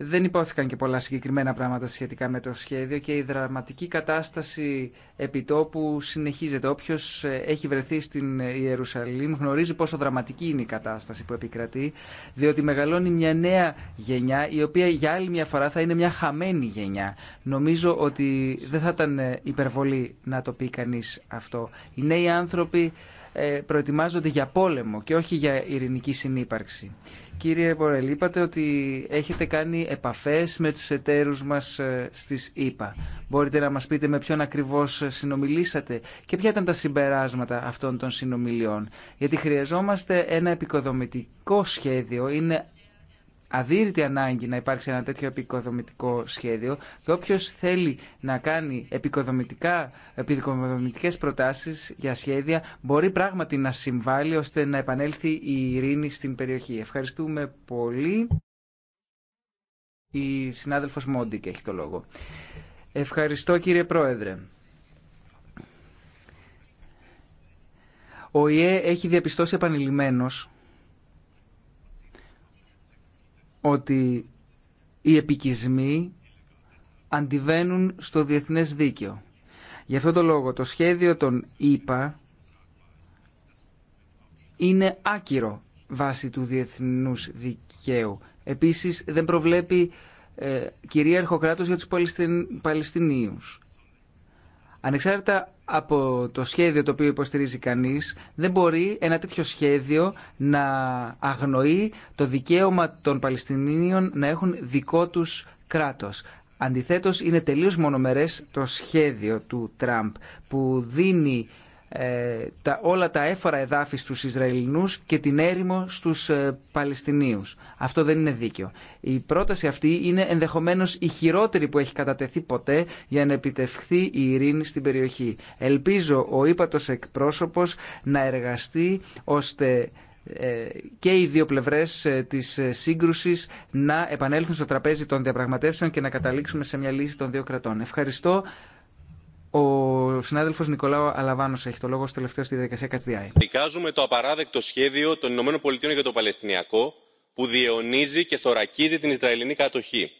δεν υπόθηκαν και πολλά συγκεκριμένα πράγματα σχετικά με το σχέδιο και η δραματική κατάσταση επιτόπου συνεχίζεται. Όποιο ε, έχει βρεθεί στην ε, Ιερουσαλήμ γνωρίζει πόσο δραματική είναι η κατάσταση που επικρατεί, διότι μεγαλώνει μια νέα γενιά η οποία για άλλη μια φορά θα είναι μια χαμένη γενιά. Νομίζω ότι δεν θα ήταν ε, υπερβολή να το πει κανεί αυτό. Οι νέοι άνθρωποι ε, προετοιμάζονται για πόλεμο και όχι για ειρηνική συνύπαρξη. Κύριε Μπορέλ, είπατε ότι έχετε κάνει επαφές με τους εταίρους μας ε, στις ΗΠΑ. Μπορείτε να μας πείτε με ποιον ακριβώς συνομιλήσατε και ποια ήταν τα συμπεράσματα αυτών των συνομιλιών. Γιατί χρειαζόμαστε ένα επικοδομητικό σχέδιο. Είναι αδύρυτη ανάγκη να υπάρξει ένα τέτοιο επικοδομητικό σχέδιο και όποιο θέλει να κάνει επικοδομητικά, επικοδομητικές προτάσεις για σχέδια μπορεί πράγματι να συμβάλλει ώστε να επανέλθει η ειρήνη στην περιοχή. Ευχαριστούμε πολύ. Η συνάδελφος Μόντικ έχει το λόγο. Ευχαριστώ κύριε Πρόεδρε. Ο ΙΕ έχει διαπιστώσει επανειλημμένος ότι οι επικισμοί αντιβαίνουν στο διεθνές δίκαιο. Γι' αυτό το λόγο το σχέδιο των ήπα είναι άκυρο βάσει του διεθνούς δικαίου. Επίσης δεν προβλέπει ε, κυρίαρχο κράτος για τους Παλαιστινίους. Ανεξάρτητα από το σχέδιο το οποίο υποστηρίζει κανείς, δεν μπορεί ένα τέτοιο σχέδιο να αγνοεί το δικαίωμα των Παλαιστινίων να έχουν δικό τους κράτος. Αντιθέτως, είναι τελείως μονομερές το σχέδιο του Τραμπ που δίνει ε, τα, όλα τα έφορα εδάφη στους Ισραηλινούς και την έρημο στους ε, Παλαιστινίους. Αυτό δεν είναι δίκαιο. Η πρόταση αυτή είναι ενδεχομένως η χειρότερη που έχει κατατεθεί ποτέ για να επιτευχθεί η ειρήνη στην περιοχή. Ελπίζω ο ύπατος εκπρόσωπος να εργαστεί ώστε ε, και οι δύο πλευρές ε, της σύγκρουσης να επανέλθουν στο τραπέζι των διαπραγματεύσεων και να καταλήξουμε σε μια λύση των δύο κρατών. Ευχαριστώ. Ο συνάδελφο Νικολάου Αλαβάνο έχει το λόγο στο τελευταίο στη διαδικασία Κατσδιάη. Δικάζουμε το απαράδεκτο σχέδιο των ΗΠΑ για το Παλαιστινιακό που διαιωνίζει και θωρακίζει την Ισραηλινή κατοχή.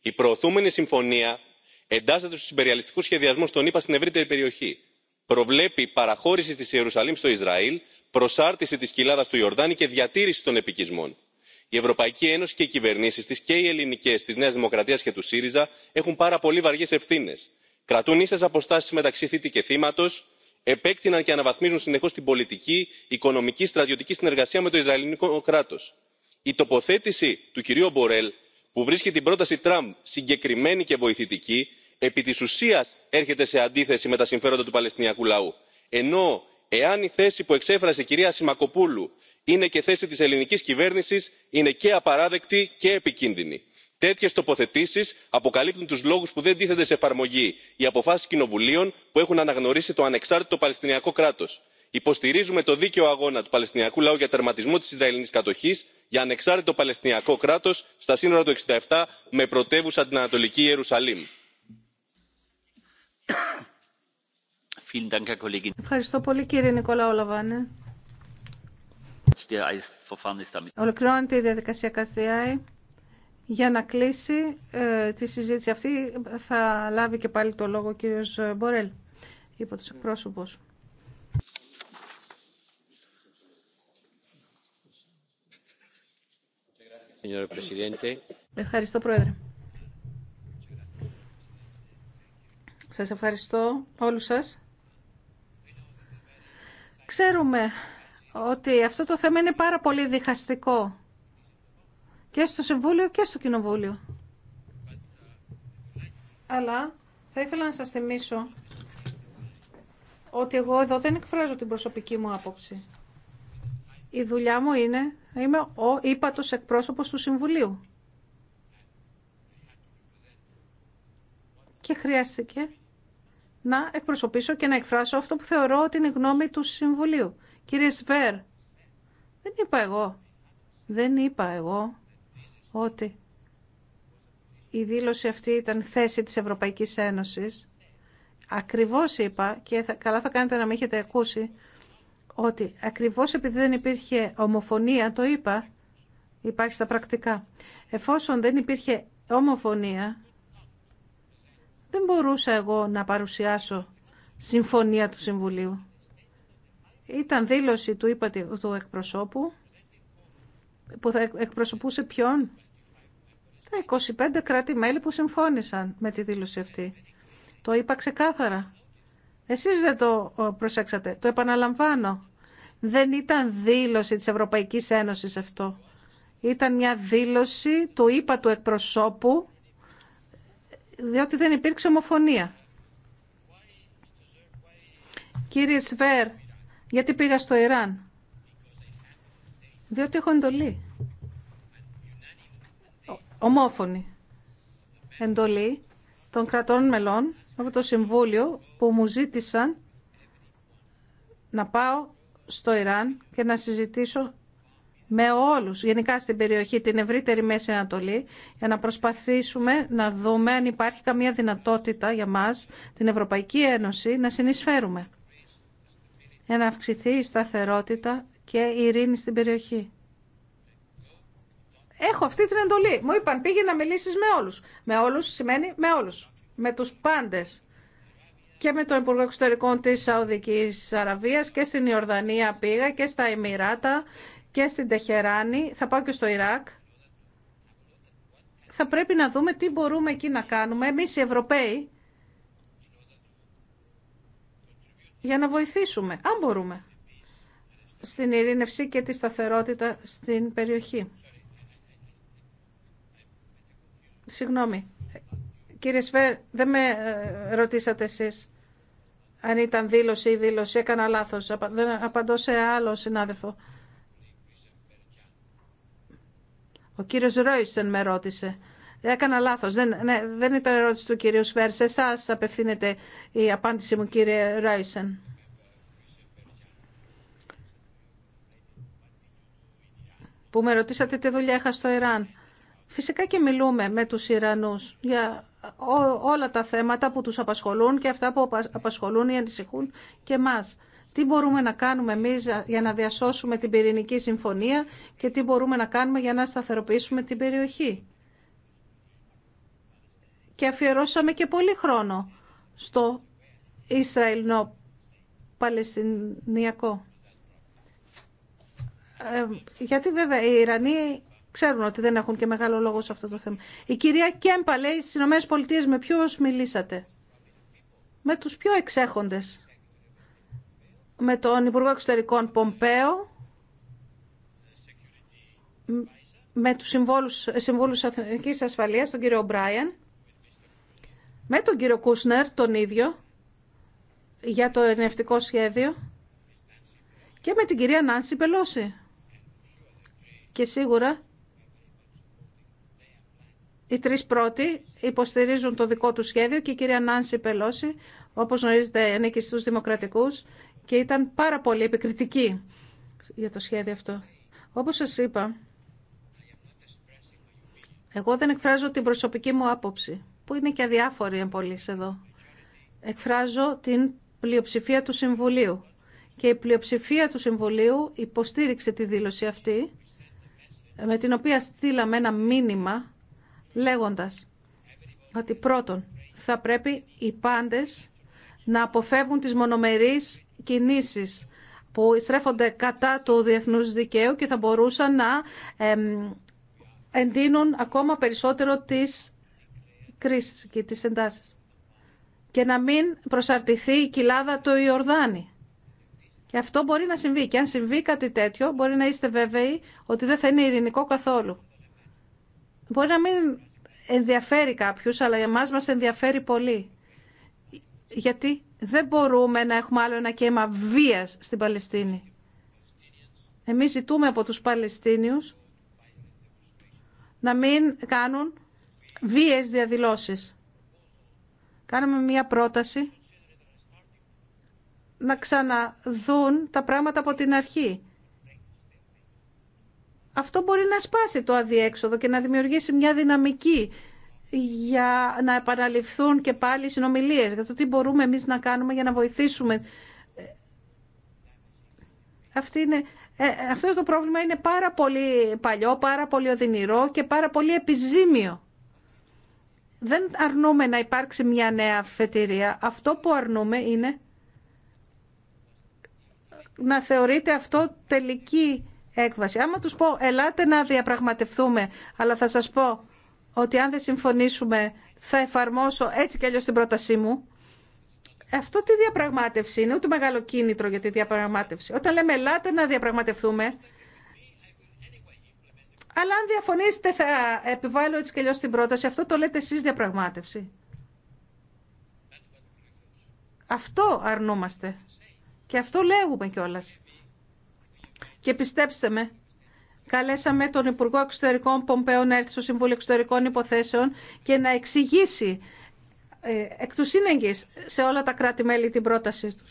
Η προωθούμενη συμφωνία εντάσσεται στου υπεριαλιστικού σχεδιασμού των ΗΠΑ στην ευρύτερη περιοχή. Προβλέπει παραχώρηση τη Ιερουσαλήμ στο Ισραήλ, προσάρτηση τη κοιλάδα του Ιορδάνη και διατήρηση των επικισμών. Η Ευρωπαϊκή Ένωση και οι κυβερνήσει τη και οι ελληνικέ τη Νέα Δημοκρατία και του ΣΥΡΙΖΑ έχουν πάρα πολύ βαριέ ευθύνε κρατούν ίσες αποστάσεις μεταξύ θήτη και θύματος επέκτηναν και αναβαθμίζουν συνεχώς την πολιτική οικονομική στρατιωτική συνεργασία με το ισραηλινό κράτος. η τοποθέτηση του κυρίου μπορέλ που βρίσκει την πρόταση τραμπ συγκεκριμένη και βοηθητική επί της ουσίας έρχεται σε αντίθεση με τα συμφέροντα του παλαιστινιακού λαού ενώ εάν η θέση που εξέφρασε η κυρία Σιμακοπούλου είναι και θέση της ελληνικής κυβέρνησης είναι και απαράδεκτη και επικίνδυνη τέτοιες τοποθετήσεις αποκαλύπτουν τους λόγους που δεν τίθενται σε εφαρμογή οι αποφάσεις κοινοβουλίων που έχουν αναγνωρίσει το ανεξάρτητο παλαιστινιακό κράτος. υποστηρίζουμε το δίκαιο αγώνα του παλαιστινιακού λαού για τερματισμό της ισραηλινής κατοχής για ανεξάρτητο παλαιστινιακό κράτος στα σύνορα του 1967 με πρωτεύουσα την ανατολική ιερουσαλήμ. Ευχαριστώ πολύ κύριε Νικόλα Ολαβάνε. Ολοκληρώνεται η διαδικασία Καστιάη. Για να κλείσει ε, τη συζήτηση αυτή θα λάβει και πάλι το λόγο ο κύριος Μπορέλ, υπό τους εκπρόσωπους. Ευχαριστώ, Πρόεδρε. Σας ευχαριστώ όλους σας. Ξέρουμε ότι αυτό το θέμα είναι πάρα πολύ διχαστικό και στο Συμβούλιο και στο Κοινοβούλιο. Αλλά θα ήθελα να σας θυμίσω ότι εγώ εδώ δεν εκφράζω την προσωπική μου άποψη. Η δουλειά μου είναι να είμαι ο ύπατος εκπρόσωπος του Συμβουλίου. Και χρειάστηκε να εκπροσωπήσω και να εκφράσω αυτό που θεωρώ ότι είναι η γνώμη του Συμβουλίου. Κύριε Σβέρ, δεν είπα εγώ. Δεν είπα εγώ ότι η δήλωση αυτή ήταν θέση της Ευρωπαϊκής Ένωσης. Ακριβώς είπα, και καλά θα κάνετε να με έχετε ακούσει, ότι ακριβώς επειδή δεν υπήρχε ομοφωνία, το είπα, υπάρχει στα πρακτικά. Εφόσον δεν υπήρχε ομοφωνία, δεν μπορούσα εγώ να παρουσιάσω συμφωνία του Συμβουλίου. Ήταν δήλωση του, είπα, του εκπροσώπου που θα εκπροσωπούσε ποιον. Τα 25 κράτη-μέλη που συμφώνησαν με τη δήλωση αυτή. Το είπα ξεκάθαρα. Εσείς δεν το προσέξατε. Το επαναλαμβάνω. Δεν ήταν δήλωση της Ευρωπαϊκής Ένωσης αυτό. Ήταν μια δήλωση του είπα του εκπροσώπου, διότι δεν υπήρξε ομοφωνία. Κύριε Σβέρ, γιατί πήγα στο Ιράν. Διότι έχω εντολή. Ομόφωνη. Εντολή των κρατών μελών από το Συμβούλιο που μου ζήτησαν να πάω στο Ιράν και να συζητήσω με όλους, γενικά στην περιοχή, την ευρύτερη Μέση Ανατολή, για να προσπαθήσουμε να δούμε αν υπάρχει καμία δυνατότητα για μας, την Ευρωπαϊκή Ένωση, να συνεισφέρουμε. Για να αυξηθεί η σταθερότητα και ειρήνη στην περιοχή. Έχω αυτή την εντολή. Μου είπαν πήγε να μιλήσεις με όλους. Με όλους σημαίνει με όλους. Με τους πάντες. Και με τον Υπουργό Εξωτερικών της Σαουδικής Αραβίας και στην Ιορδανία πήγα και στα Εμμυράτα και στην Τεχεράνη. Θα πάω και στο Ιράκ. Θα πρέπει να δούμε τι μπορούμε εκεί να κάνουμε εμείς οι Ευρωπαίοι για να βοηθήσουμε, αν μπορούμε στην ειρήνευση και τη σταθερότητα στην περιοχή. Συγγνώμη. Κύριε Σφέρ, δεν με ε, ρωτήσατε εσείς αν ήταν δήλωση ή δήλωση. Έκανα λάθος. Δεν απαντώ σε άλλο συνάδελφο. Ο κύριος Ρόισεν με ρώτησε. Έκανα λάθος. Δεν, ναι, δεν ήταν ερώτηση του κυρίου Σφέρ. Σε εσάς απευθύνεται η απάντηση μου κύριε Ρόισεν. που με ρωτήσατε τι δουλειά είχα στο Ιράν. Φυσικά και μιλούμε με τους Ιρανούς για όλα τα θέματα που τους απασχολούν και αυτά που απασχολούν ή ανησυχούν και μας. Τι μπορούμε να κάνουμε εμείς για να διασώσουμε την πυρηνική συμφωνία και τι μπορούμε να κάνουμε για να σταθεροποιήσουμε την περιοχή. Και αφιερώσαμε και πολύ χρόνο στο Ισραηλινό Παλαιστινιακό γιατί βέβαια οι Ιρανοί ξέρουν ότι δεν έχουν και μεγάλο λόγο σε αυτό το θέμα. Η κυρία Κέμπα λέει στι ΗΠΑ με ποιου μιλήσατε. Με τους πιο εξέχοντες. Με τον Υπουργό Εξωτερικών Πομπέο, με του συμβόλους, Εθνική Ασφαλεία, Ασφαλείας, τον κύριο Μπράιαν, με τον κύριο Κούσνερ, τον ίδιο, για το ενευτικό σχέδιο, και με την κυρία Νάνση Πελώση και σίγουρα οι τρεις πρώτοι υποστηρίζουν το δικό του σχέδιο και η κυρία Νάνση Πελώση, όπως γνωρίζετε, ανήκει στους δημοκρατικούς και ήταν πάρα πολύ επικριτική για το σχέδιο αυτό. Όπως σας είπα, εγώ δεν εκφράζω την προσωπική μου άποψη, που είναι και αδιάφορη εν εδώ. Εκφράζω την πλειοψηφία του Συμβουλίου. Και η πλειοψηφία του Συμβουλίου υποστήριξε τη δήλωση αυτή με την οποία στείλαμε ένα μήνυμα λέγοντας ότι πρώτον θα πρέπει οι πάντες να αποφεύγουν τις μονομερείς κινήσεις που στρέφονται κατά του διεθνούς δικαίου και θα μπορούσαν να εντείνουν ακόμα περισσότερο τις κρίσεις και τις εντάσεις και να μην προσαρτηθεί η κοιλάδα του Ιορδάνη. Και αυτό μπορεί να συμβεί. Και αν συμβεί κάτι τέτοιο, μπορεί να είστε βέβαιοι ότι δεν θα είναι ειρηνικό καθόλου. Μπορεί να μην ενδιαφέρει κάποιους, αλλά εμάς μας ενδιαφέρει πολύ. Γιατί δεν μπορούμε να έχουμε άλλο ένα κέμα βίας στην Παλαιστίνη. Εμείς ζητούμε από τους Παλαιστίνιους να μην κάνουν βίες διαδηλώσεις. Κάναμε μία πρόταση να ξαναδούν τα πράγματα από την αρχή. Αυτό μπορεί να σπάσει το αδιέξοδο και να δημιουργήσει μια δυναμική για να επαναληφθούν και πάλι οι συνομιλίες για το τι μπορούμε εμείς να κάνουμε για να βοηθήσουμε. Ε, ε, αυτό το πρόβλημα είναι πάρα πολύ παλιό, πάρα πολύ οδυνηρό και πάρα πολύ επιζήμιο. Δεν αρνούμε να υπάρξει μια νέα αφετηρία. Αυτό που αρνούμε είναι να θεωρείται αυτό τελική έκβαση. Άμα τους πω ελάτε να διαπραγματευτούμε, αλλά θα σας πω ότι αν δεν συμφωνήσουμε θα εφαρμόσω έτσι κι αλλιώς την πρότασή μου, αυτό τι διαπραγμάτευση είναι, ούτε μεγάλο κίνητρο για τη διαπραγμάτευση. Όταν λέμε ελάτε να διαπραγματευτούμε, αλλά αν διαφωνήσετε θα επιβάλλω έτσι κι αλλιώς την πρόταση, αυτό το λέτε εσείς διαπραγμάτευση. Αυτό αρνούμαστε. Και αυτό λέγουμε κιόλα. Και πιστέψτε με, καλέσαμε τον Υπουργό Εξωτερικών Πομπέων να έρθει στο Συμβούλιο Εξωτερικών Υποθέσεων και να εξηγήσει ε, εκ του σύνεγγυς σε όλα τα κράτη-μέλη την πρότασή του.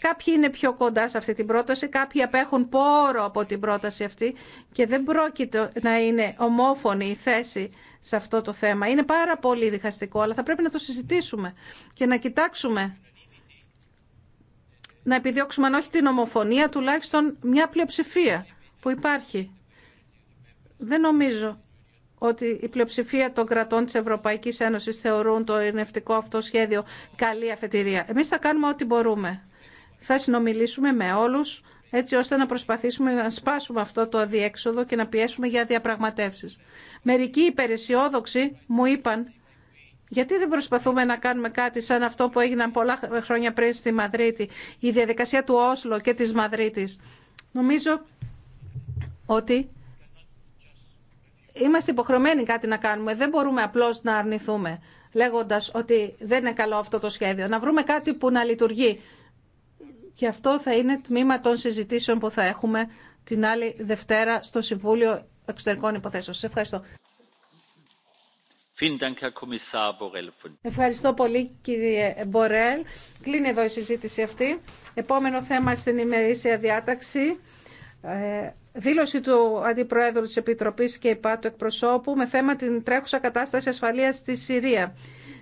Κάποιοι είναι πιο κοντά σε αυτή την πρόταση, κάποιοι απέχουν πόρο από την πρόταση αυτή και δεν πρόκειται να είναι ομόφωνη η θέση σε αυτό το θέμα. Είναι πάρα πολύ διχαστικό, αλλά θα πρέπει να το συζητήσουμε και να κοιτάξουμε να επιδιώξουμε αν όχι την ομοφωνία, τουλάχιστον μια πλειοψηφία που υπάρχει. Δεν νομίζω ότι η πλειοψηφία των κρατών της Ευρωπαϊκής Ένωσης θεωρούν το ειρνευτικό αυτό σχέδιο καλή αφετηρία. Εμείς θα κάνουμε ό,τι μπορούμε. Θα συνομιλήσουμε με όλους έτσι ώστε να προσπαθήσουμε να σπάσουμε αυτό το αδιέξοδο και να πιέσουμε για διαπραγματεύσεις. Μερικοί υπεραισιόδοξοι μου είπαν γιατί δεν προσπαθούμε να κάνουμε κάτι σαν αυτό που έγιναν πολλά χρόνια πριν στη Μαδρίτη, η διαδικασία του Όσλο και της Μαδρίτης. Νομίζω ότι είμαστε υποχρεωμένοι κάτι να κάνουμε. Δεν μπορούμε απλώς να αρνηθούμε λέγοντας ότι δεν είναι καλό αυτό το σχέδιο. Να βρούμε κάτι που να λειτουργεί. Και αυτό θα είναι τμήμα των συζητήσεων που θα έχουμε την άλλη Δευτέρα στο Συμβούλιο Εξωτερικών Υποθέσεων. Σας ευχαριστώ. Ευχαριστώ πολύ κύριε Μπορέλ. Κλείνει εδώ η συζήτηση αυτή. Επόμενο θέμα στην ημερήσια διάταξη. Ε, δήλωση του Αντιπροέδρου της Επιτροπής και υπά του εκπροσώπου με θέμα την τρέχουσα κατάσταση ασφαλείας στη Συρία.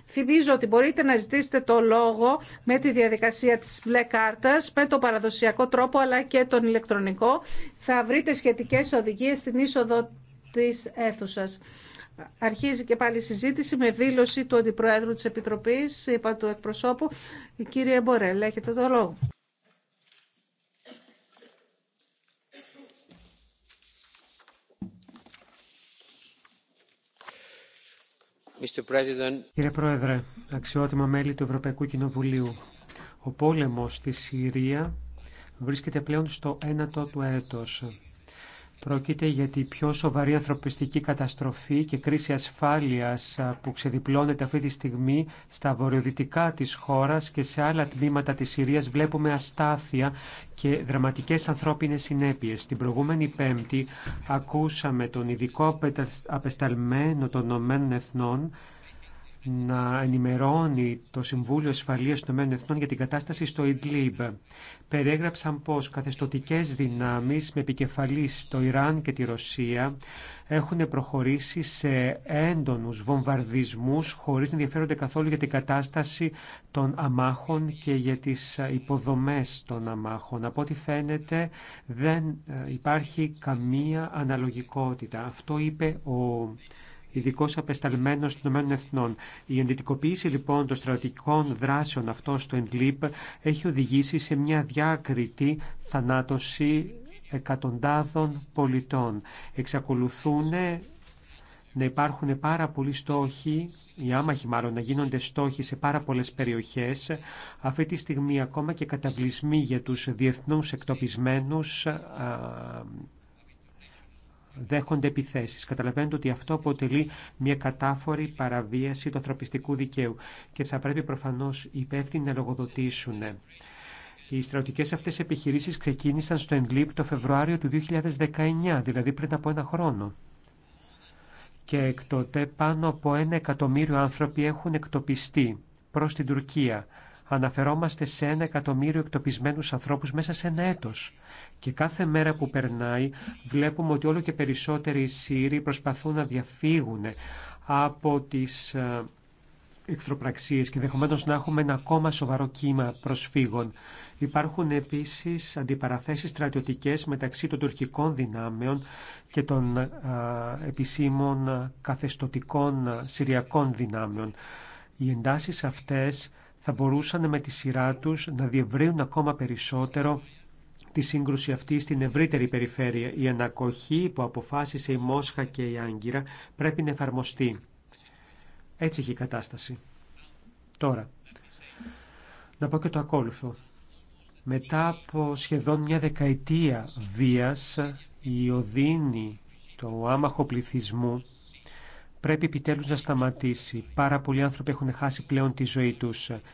Θυμίζω ότι μπορείτε να ζητήσετε το λόγο με τη διαδικασία της μπλε κάρτας, με τον παραδοσιακό τρόπο αλλά και τον ηλεκτρονικό. Θα βρείτε σχετικές οδηγίες στην είσοδο της αίθουσας. Αρχίζει και πάλι η συζήτηση με δήλωση του Αντιπροέδρου της Επιτροπής, είπα του εκπροσώπου. Κύριε Μπορέλ, έχετε το λόγο. Κύριε Πρόεδρε, αξιότιμα μέλη του Ευρωπαϊκού Κοινοβουλίου, ο πόλεμος στη Συρία βρίσκεται πλέον στο ένατο του έτος. Πρόκειται για την πιο σοβαρή ανθρωπιστική καταστροφή και κρίση ασφάλειας που ξεδιπλώνεται αυτή τη στιγμή στα βορειοδυτικά της χώρας και σε άλλα τμήματα της Συρίας βλέπουμε αστάθεια και δραματικές ανθρώπινες συνέπειες. Την προηγούμενη Πέμπτη ακούσαμε τον ειδικό απεσταλμένο των ΟΕΕ Εθνών να ενημερώνει το Συμβούλιο Ασφαλείας των Ηνωμένων Εθνών για την κατάσταση στο Ιντλίμπ. Περιέγραψαν πως καθεστωτικές δυνάμεις με επικεφαλής το Ιράν και τη Ρωσία έχουν προχωρήσει σε έντονους βομβαρδισμούς χωρίς να ενδιαφέρονται καθόλου για την κατάσταση των αμάχων και για τις υποδομές των αμάχων. Από ό,τι φαίνεται δεν ε, υπάρχει καμία αναλογικότητα. Αυτό είπε ο ειδικό απεσταλμένο των Εθνών. Η ενδυτικοποίηση λοιπόν των στρατιωτικών δράσεων αυτών στο Εντλίπ έχει οδηγήσει σε μια διάκριτη θανάτωση εκατοντάδων πολιτών. Εξακολουθούν να υπάρχουν πάρα πολλοί στόχοι, οι άμαχοι μάλλον να γίνονται στόχοι σε πάρα πολλές περιοχές. Αυτή τη στιγμή ακόμα και καταβλισμοί για τους διεθνούς εκτοπισμένους δέχονται επιθέσεις. Καταλαβαίνετε ότι αυτό αποτελεί μια κατάφορη παραβίαση του ανθρωπιστικού δικαίου και θα πρέπει προφανώς οι υπεύθυνοι να λογοδοτήσουν. Οι στρατιωτικέ αυτέ επιχειρήσει ξεκίνησαν στο Εγκλίπ το Φεβρουάριο του 2019, δηλαδή πριν από ένα χρόνο. Και εκ τότε πάνω από ένα εκατομμύριο άνθρωποι έχουν εκτοπιστεί προ την Τουρκία αναφερόμαστε σε ένα εκατομμύριο εκτοπισμένους ανθρώπους μέσα σε ένα έτος. Και κάθε μέρα που περνάει βλέπουμε ότι όλο και περισσότεροι Σύριοι προσπαθούν να διαφύγουν από τις ε, εχθροπραξίες και δεχομένω να έχουμε ένα ακόμα σοβαρό κύμα προσφύγων. Υπάρχουν επίσης αντιπαραθέσεις στρατιωτικές μεταξύ των τουρκικών δυνάμεων και των ε, επισήμων καθεστοτικών ε, συριακών δυνάμεων. Οι εντάσεις αυτές θα μπορούσαν με τη σειρά τους να διευρύνουν ακόμα περισσότερο τη σύγκρουση αυτή στην ευρύτερη περιφέρεια. Η ανακοχή που αποφάσισε η Μόσχα και η Άγκυρα πρέπει να εφαρμοστεί. Έτσι έχει η κατάσταση. Τώρα, να πω και το ακόλουθο. Μετά από σχεδόν μια δεκαετία βίας, η οδύνη του άμαχου πληθυσμού πρέπει επιτέλου να σταματήσει. Πάρα πολλοί άνθρωποι έχουν χάσει πλέον τη ζωή του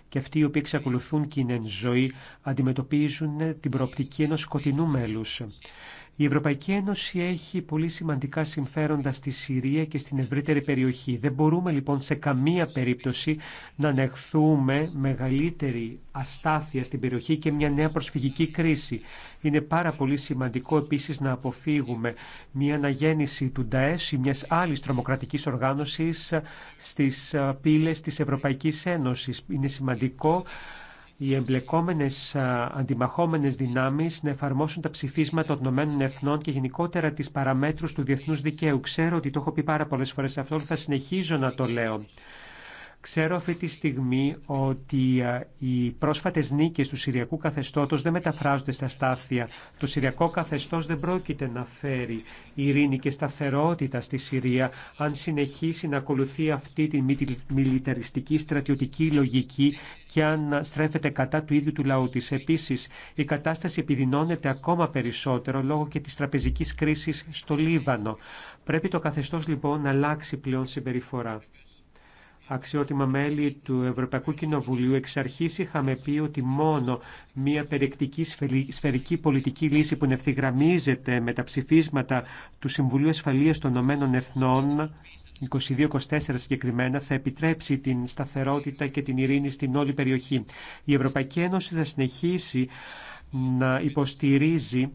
και αυτοί οι οποίοι εξακολουθούν και ζωή αντιμετωπίζουν την προοπτική ενό σκοτεινού μέλου. Η Ευρωπαϊκή Ένωση έχει πολύ σημαντικά συμφέροντα στη Συρία και στην ευρύτερη περιοχή. Δεν μπορούμε λοιπόν σε καμία περίπτωση να ανεχθούμε μεγαλύτερη αστάθεια στην περιοχή και μια νέα προσφυγική κρίση. Είναι πάρα πολύ σημαντικό επίσης να αποφύγουμε μια αναγέννηση του ΝΤΑΕΣ ή μιας άλλης τρομοκρατικής οργάνωσης στις πύλες της Ευρωπαϊκής Ένωσης. Είναι σημαντικό οι εμπλεκόμενες αντιμαχόμενες δυνάμεις να εφαρμόσουν τα ψηφίσματα των Ηνωμένων Εθνών και γενικότερα τις παραμέτρους του διεθνούς δικαίου. Ξέρω ότι το έχω πει πάρα πολλές φορές αυτό, θα συνεχίζω να το λέω. Ξέρω αυτή τη στιγμή ότι ε, οι πρόσφατες νίκες του Συριακού καθεστώτος δεν μεταφράζονται στα στάθια. Το Συριακό καθεστώς δεν πρόκειται να φέρει ειρήνη και σταθερότητα στη Συρία αν συνεχίσει να ακολουθεί αυτή τη μιλιταριστική στρατιωτική λογική και αν στρέφεται κατά του ίδιου του λαού της. Επίσης, η κατάσταση επιδεινώνεται ακόμα περισσότερο λόγω και της τραπεζικής κρίσης στο Λίβανο. Πρέπει το καθεστώς λοιπόν να αλλάξει πλέον συμπεριφορά αξιότιμα μέλη του Ευρωπαϊκού Κοινοβουλίου, εξ αρχής είχαμε πει ότι μόνο μια περιεκτική σφαιρική πολιτική λύση που ευθυγραμμίζεται με τα ψηφίσματα του Συμβουλίου Ασφαλείας των Ηνωμένων Εθνών 22-24 συγκεκριμένα, θα επιτρέψει την σταθερότητα και την ειρήνη στην όλη περιοχή. Η Ευρωπαϊκή Ένωση θα συνεχίσει να υποστηρίζει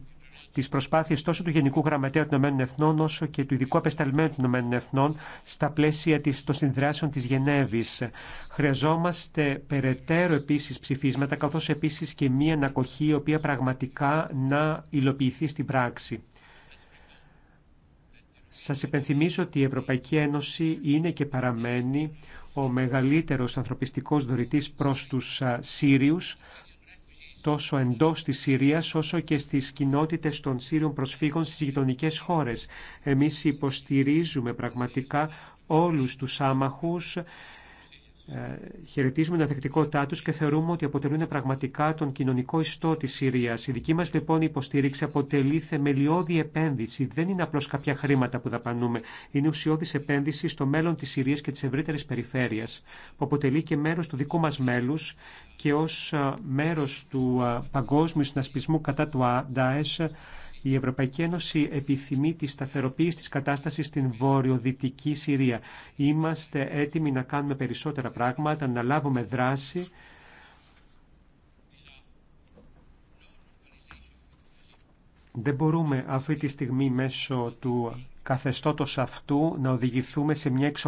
τι προσπάθειε τόσο του Γενικού Γραμματέα των Ηνωμένων Εθνών όσο και του Ειδικού Απεσταλμένου των Ηνωμένων στα πλαίσια των συνδράσεων τη Γενέβη. Χρειαζόμαστε περαιτέρω επίση ψηφίσματα, καθώ επίση και μία ανακοχή η οποία πραγματικά να υλοποιηθεί στην πράξη. Σας υπενθυμίζω ότι η Ευρωπαϊκή Ένωση είναι και παραμένει ο μεγαλύτερος ανθρωπιστικός δωρητής προς τους Σύριους τόσο εντός της Συρίας όσο και στις κοινότητες των Σύριων προσφύγων στις γειτονικές χώρες. Εμείς υποστηρίζουμε πραγματικά όλους τους άμαχους ε, χαιρετίζουμε την αδεκτικότητά του και θεωρούμε ότι αποτελούν πραγματικά τον κοινωνικό ιστό τη Συρία. Η δική μα λοιπόν υποστήριξη αποτελεί θεμελιώδη επένδυση. Δεν είναι απλώ κάποια χρήματα που δαπανούμε. Είναι ουσιώδη επένδυση στο μέλλον τη Συρία και τη ευρύτερη περιφέρεια, που αποτελεί και μέρο του δικού μα μέλου και ω ε, μέρο του ε, παγκόσμιου συνασπισμού κατά του ΑΝΤΑΕΣ η Ευρωπαϊκή Ένωση επιθυμεί τη σταθεροποίηση της κατάστασης στην βόρειο-δυτική Συρία. Είμαστε έτοιμοι να κάνουμε περισσότερα πράγματα, να λάβουμε δράση. Δεν μπορούμε αυτή τη στιγμή μέσω του καθεστώτος αυτού να οδηγηθούμε σε μια εξομάλυνση